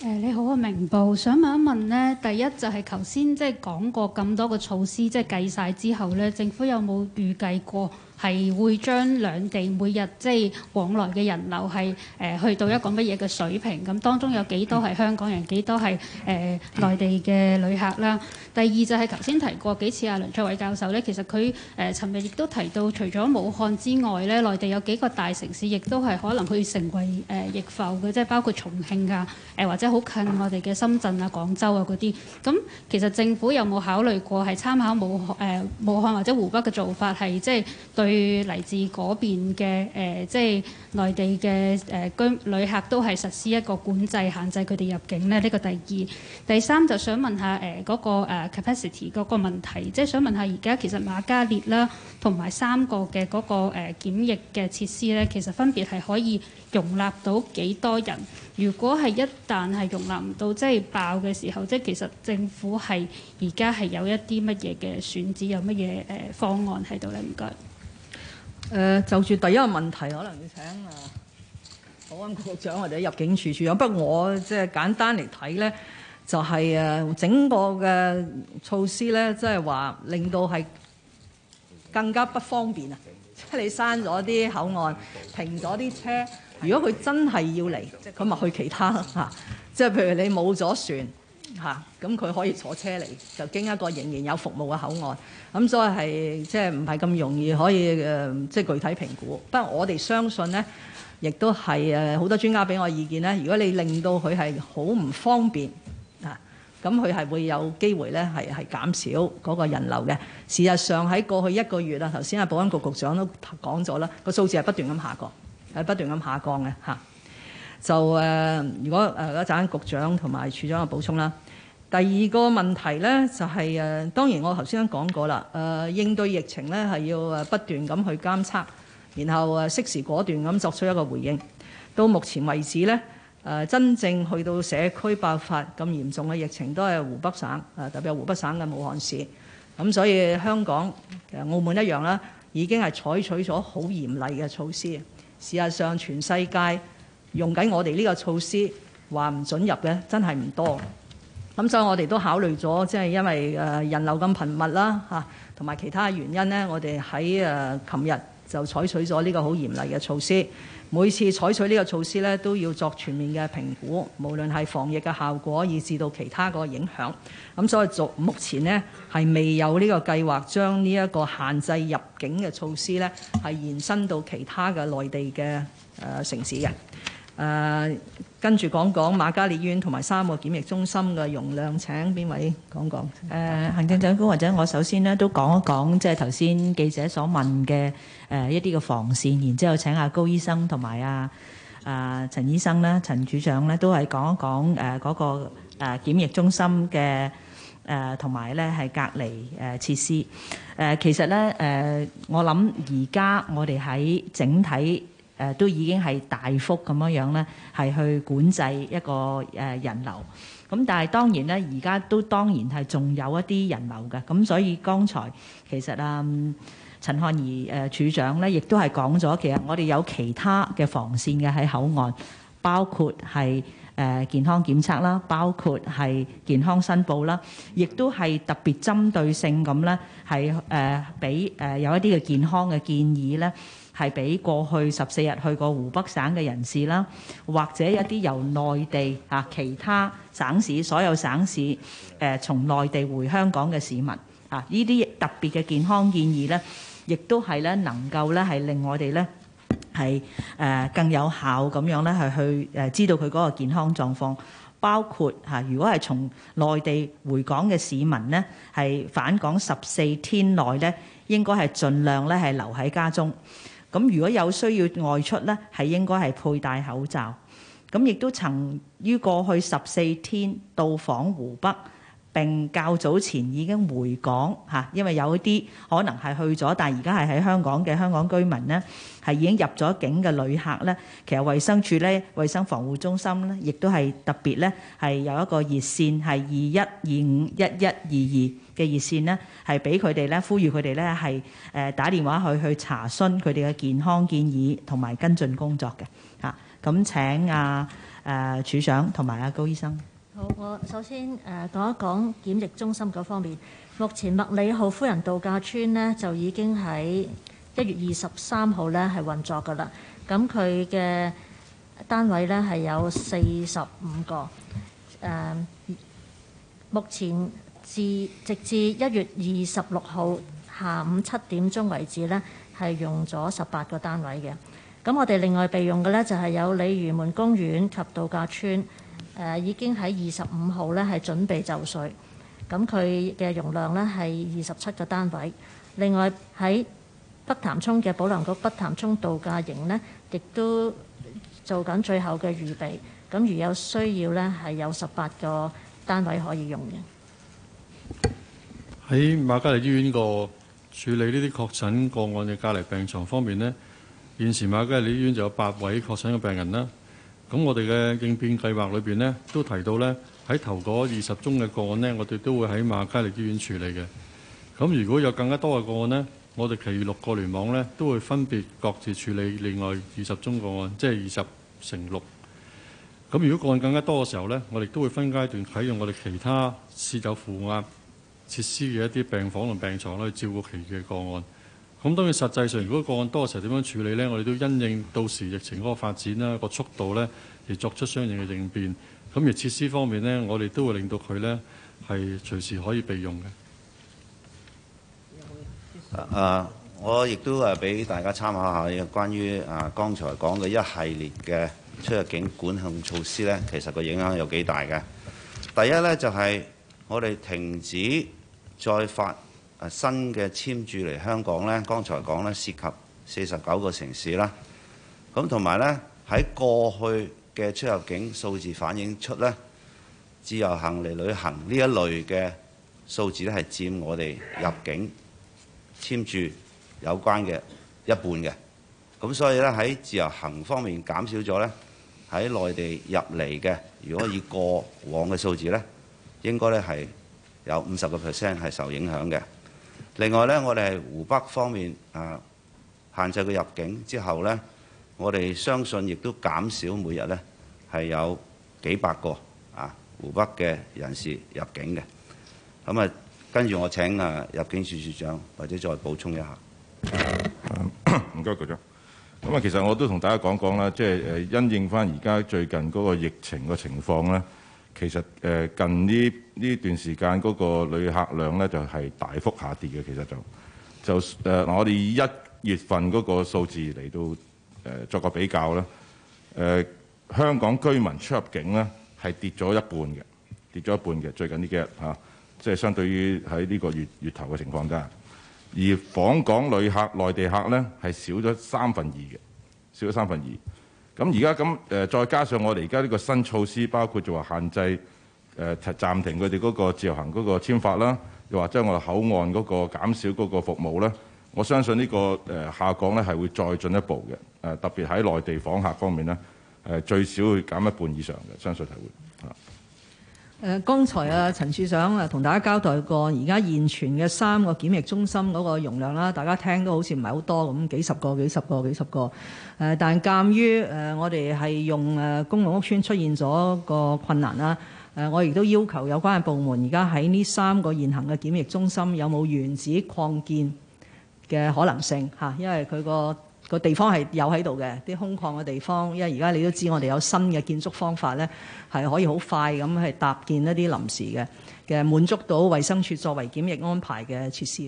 M: 呃，你好啊，明報想問一問呢，第一就係頭先即係講過咁多個措施，即係計晒之後呢，政府有冇預計過。係會將兩地每日即係往來嘅人流係誒、呃、去到一個乜嘢嘅水平？咁當中有幾多係香港人，幾多係誒內地嘅旅客啦？第二就係頭先提過幾次阿、啊、梁卓偉教授咧，其實佢誒尋日亦都提到，除咗武漢之外咧，內地有幾個大城市亦都係可能可成為誒疫埠嘅，即係包括重慶啊，誒、呃、或者好近我哋嘅深圳啊、廣州啊嗰啲。咁、嗯、其實政府有冇考慮過係參考武誒、呃、武漢或者湖北嘅做法是，係即係對？去嚟自嗰邊嘅誒，即係內地嘅誒居旅客，都係實施一個管制，限制佢哋入境咧。呢、這個第二第三就想問下誒嗰、呃那個、呃、capacity 嗰個問題，即係想問下而家其實馬嘉烈啦，同埋三個嘅嗰、那個誒檢、呃、疫嘅設施咧，其實分別係可以容納到幾多人？如果係一旦係容納唔到，即係爆嘅時候，即係其實政府係而家係有一啲乜嘢嘅選址，有乜嘢誒方案喺度咧？唔該。
E: 誒、呃、就住第一個問題，可能要請誒保安局長或者入境處處長。不過，我即係簡單嚟睇咧，就係、是、整個嘅措施咧，即係話令到係更加不方便啊！即、就、係、是、你閂咗啲口岸，停咗啲車。如果佢真係要嚟，佢咪去其他啦吓，即係譬如你冇咗船。嚇，咁佢、啊、可以坐車嚟，就經一個仍然有服務嘅口岸，咁所以係即係唔係咁容易可以誒，即、呃、係、即係、具體評估。不過我哋相信呢，亦都係誒好多專家俾我意見呢。如果你令到佢係好唔方便啊，咁佢係會有機會呢，係係減少嗰個人流嘅。事實上喺過去一個月啊，頭先阿保安局局長都講咗啦，個數字係不斷咁下降，係不斷咁下降嘅嚇。啊就誒，如果一陣間局長同埋處長嘅補充啦。第二個問題呢，就係，就係誒當然我頭先都講過啦。誒應對疫情呢，係要誒不斷咁去監測，然後誒適時果斷咁作出一個回應。到目前為止呢，誒真正去到社區爆發咁嚴重嘅疫情，都係湖北省誒，特別係湖北省嘅武漢市。咁所以香港誒澳門一樣啦，已經係採取咗好嚴厲嘅措施。事實上，全世界用緊我哋呢個措施話唔准入嘅，真係唔多。咁所以我哋都考慮咗，即係因為誒人流咁頻密啦嚇，同埋其他原因呢，我哋喺誒琴日就採取咗呢個好嚴厲嘅措施。每次採取呢個措施呢，都要作全面嘅評估，無論係防疫嘅效果，以至到其他個影響。咁所以，做目前呢，係未有呢個計劃，將呢一個限制入境嘅措施呢，係延伸到其他嘅內地嘅誒城市嘅。誒跟住講講瑪嘉烈醫院同埋三個檢疫中心嘅容量，請邊位講講？誒、呃、行政長官
F: 或者我首先咧都講一講，即係頭先記者所問嘅誒、呃、一啲嘅防線，然之後請阿、啊、高醫生同埋阿阿陳醫生咧，陳處長咧都係講一講誒嗰、呃那個誒檢疫中心嘅誒同埋咧係隔離誒設施。誒、呃、其實咧誒、呃、我諗而家我哋喺整體。誒都已經係大幅咁樣樣咧，係去管制一個誒人流。咁但係當然咧，而家都當然係仲有一啲人流嘅。咁所以剛才其實啊，陳漢儀誒處長咧，亦都係講咗，其實我哋有其他嘅防線嘅喺口岸，包括係誒健康檢測啦，包括係健康申報啦，亦都係特別針對性咁咧，係誒俾誒有一啲嘅健康嘅建議咧。係俾過去十四日去過湖北省嘅人士啦，或者一啲由內地啊其他省市、所有省市誒，從內地回香港嘅市民啊，呢啲特別嘅健康建議呢，亦都係咧能夠咧係令我哋呢係誒更有效咁樣咧係去誒知道佢嗰個健康狀況，包括嚇、啊、如果係從內地回港嘅市民呢，係返港十四天內呢，應該係盡量咧係留喺家中。咁如果有需要外出咧，係應該係佩戴口罩。咁亦都曾於過去十四天到訪湖北，並較早前已經回港嚇。因為有啲可能係去咗，但係而家係喺香港嘅香港居民呢，係已經入咗境嘅旅客咧，其實衞生署咧、衞生防護中心咧，亦都係特別咧，係有一個熱線，係二一二五一一二二。嘅熱線呢，係俾佢哋咧，呼籲佢哋咧係誒打電話去去查詢佢哋嘅健康建議同埋跟進工作嘅嚇。咁、啊、請阿、啊、誒、啊、處長同埋阿高醫生。
G: 好，我首先誒、呃、講一講檢疫中心嗰方面。目前麥理浩夫人度假村咧就已經喺一月二十三號咧係運作㗎啦。咁佢嘅單位咧係有四十五個誒、呃，目前。至直至一月二十六號下午七點鐘為止呢係用咗十八個單位嘅。咁我哋另外備用嘅呢，就係、是、有鯉魚門公園及度假村，誒、呃、已經喺二十五號呢係準備就緒。咁佢嘅容量呢係二十七個單位。另外喺北潭涌嘅保良局北潭涌度假營呢，亦都做緊最後嘅預備。咁如有需要呢，係有十八個單位可以用嘅。
H: 喺瑪嘉烈醫院個處理呢啲確診個案嘅隔離病床方面呢，現時瑪嘉烈醫院就有八位確診嘅病人啦。咁我哋嘅應變計劃裏邊呢，都提到呢，喺頭嗰二十宗嘅個案呢，我哋都會喺瑪嘉烈醫院處理嘅。咁如果有更加多嘅個案呢，我哋其餘六個聯網呢，都會分別各自處理另外二十宗個案，即係二十乘六。咁如果個案更加多嘅時候呢，我哋都會分階段啟用我哋其他設有負壓設施嘅一啲病房同病牀咧，照顧其嘅個案。咁當然實際上，如果個案多嘅時候點樣處理呢？我哋都因應到時疫情嗰個發展啦，個速度呢，而作出相應嘅應變。咁而設施方面呢，我哋都會令到佢呢係隨時可以備用嘅。
I: 啊，我亦都係俾大家參考下，關於啊剛才講嘅一系列嘅出入境管控措施呢，其實個影響有幾大嘅。第一呢，就係我哋停止。再發誒新嘅簽注嚟香港呢，剛才講呢，涉及四十九個城市啦。咁同埋呢，喺過去嘅出入境數字反映出呢，自由行嚟旅行呢一類嘅數字呢，係佔我哋入境簽注有關嘅一半嘅。咁所以呢，喺自由行方面減少咗呢，喺內地入嚟嘅，如果以過往嘅數字呢，應該呢係。有五十個 percent 係受影響嘅。另外咧，我哋喺湖北方面啊，限制佢入境之後咧，我哋相信亦都減少每日咧係有幾百個啊湖北嘅人士入境嘅。咁啊，跟住我請啊入境處處長或者再補充一下。唔該，局長。
D: 咁啊，其實我都同大家講講啦，即係誒因應翻而家最近嗰個疫情個情況咧。其實誒、呃、近呢呢段時間嗰個旅客量咧就係、是、大幅下跌嘅，其實就就誒、呃、我哋以一月份嗰個數字嚟到誒、呃、作個比較啦。誒、呃、香港居民出入境咧係跌咗一半嘅，跌咗一半嘅，最近呢幾日嚇、啊，即係相對於喺呢個月月頭嘅情況㗎。而訪港旅客、內地客咧係少咗三分二嘅，少咗三分二。咁而家咁誒，再加上我哋而家呢個新措施，包括就話限制誒、呃、暫停佢哋嗰個自由行嗰個簽發啦，又或者我哋口岸嗰個減少嗰個服務啦。我相信呢、呢個誒、呃、下降咧係會再進一步嘅誒，特別喺內地訪客方面咧，誒、呃、最少會減一半以上嘅，相信係會。
E: 誒剛才啊，陳處長啊，同大家交代過，而家現存嘅三個檢疫中心嗰個容量啦，大家聽都好似唔係好多咁，幾十個、幾十個、幾十個。誒，但係鑑於誒我哋係用誒公共屋邨出現咗個困難啦，誒我亦都要求有關嘅部門而家喺呢三個現行嘅檢疫中心有冇原址擴建嘅可能性嚇，因為佢個個地方係有喺度嘅，啲空曠嘅地方，因為而家你都知我哋有新嘅建築方法咧，係可以好快咁係搭建一啲臨時嘅嘅，滿足到衛生署作為檢疫安排嘅設施。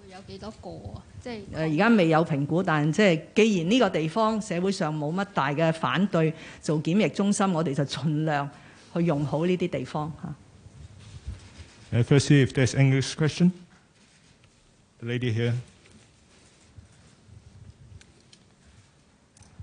E: 會有幾
M: 多個啊？
E: 即係誒，而家未有評估，但即係既然呢個地方社會上冇乜大嘅反對做檢疫中心，我哋就盡量去用好呢啲地方嚇。
D: Uh, first see if there's English question, the lady here.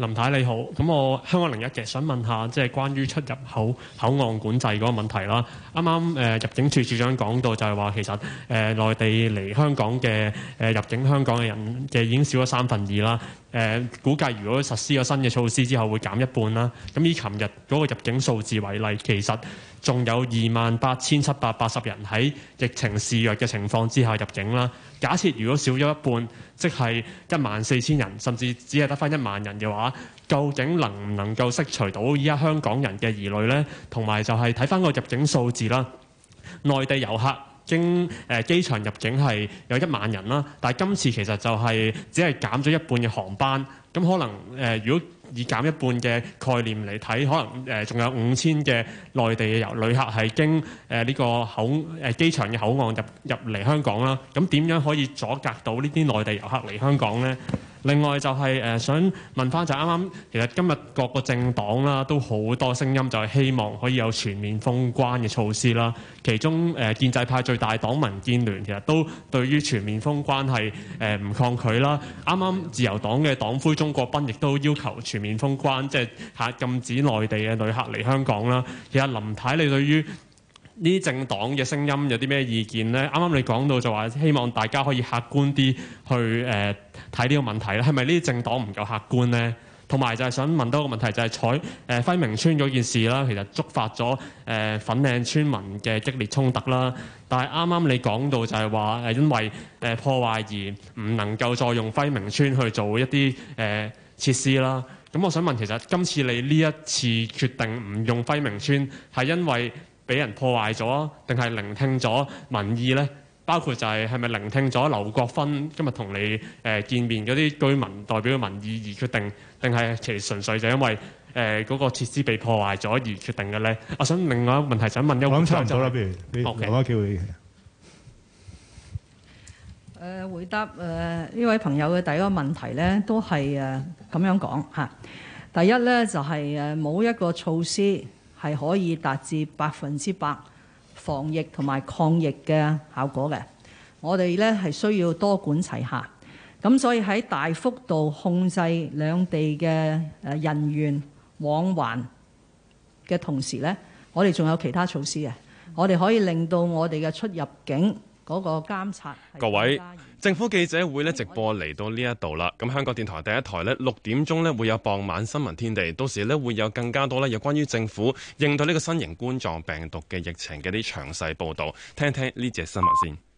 A: 林太你好，咁我香港零一嘅想問下，即係關於出入口口岸管制嗰個問題啦。啱啱、呃、入境處處長講到就係話，其實誒、呃、內地嚟香港嘅、呃、入境香港嘅人嘅已經少咗三分二啦、呃。估計如果實施咗新嘅措施之後會減一半啦。咁以琴日嗰個入境數字為例，其實，仲有二萬八千七百八十人喺疫情肆虐嘅情況之下入境啦。假設如果少咗一半，即係一萬四千人，甚至只係得返一萬人嘅話，究竟能唔能夠釋除到依家香港人嘅疑慮呢？同埋就係睇返個入境數字啦。內地遊客經誒機場入境係有一萬人啦，但係今次其實就係只係減咗一半嘅航班，咁可能誒、呃、如果。以減一半嘅概念嚟睇，可能誒仲、呃、有五千嘅內地嘅遊旅客係經誒呢、呃呢個口誒、呃、機場嘅口岸入入嚟香港啦。咁點樣可以阻隔到呢啲內地遊客嚟香港呢？另外就係、是呃、想問翻就啱啱其實今日各個政黨啦都好多聲音就係希望可以有全面封關嘅措施啦，其中、呃、建制派最大黨民建聯其實都對於全面封關係誒唔抗拒啦。啱啱自由黨嘅黨魁鍾國斌亦都要求全面封關，即係吓禁止內地嘅旅客嚟香港啦。其實林太你對於呢啲政黨嘅聲音有啲咩意見呢？啱啱你講到就話希望大家可以客觀啲去誒睇呢個問題啦。係咪呢啲政黨唔夠客觀呢？同埋就係想問多個問題、就是，就係採誒輝明村嗰件事啦，其實觸發咗誒、呃、粉嶺村民嘅激烈衝突啦。但係啱啱你講到就係話係因為誒、呃、破壞而唔能夠再用輝明村去做一啲誒設施啦。咁我想問，其實今次你呢一次決定唔用輝明村係因為？俾人破壞咗，定係聆聽咗民意咧？包括就係係咪聆聽咗劉國芬今日同你誒見面嗰啲居民代表嘅民意而決定，定係其實純粹就因為誒嗰個設施被破壞咗而決定嘅咧？我想另外一個問
D: 題想問一位，差唔多啦，不如你留翻機會。
E: 誒，回答誒呢位朋友嘅第一個問題咧，都係誒咁樣講吓。第一咧就係誒冇一個措施，係可以達至百分之百防疫同埋抗疫嘅效果嘅。我哋呢係需要多管齊下，咁所以喺大幅度控制兩地嘅誒人員往還嘅同時呢，我哋仲有其他措施嘅。我哋可以令到我哋嘅出入境嗰個監察。
C: 各位。政府記者會咧直播嚟到呢一度啦，咁香港電台第一台咧六點鐘咧會有傍晚新聞天地，到時咧會有更加多咧有關於政府應對呢個新型冠狀病
D: 毒嘅疫情嘅啲詳細報導，聽一聽呢隻新聞先。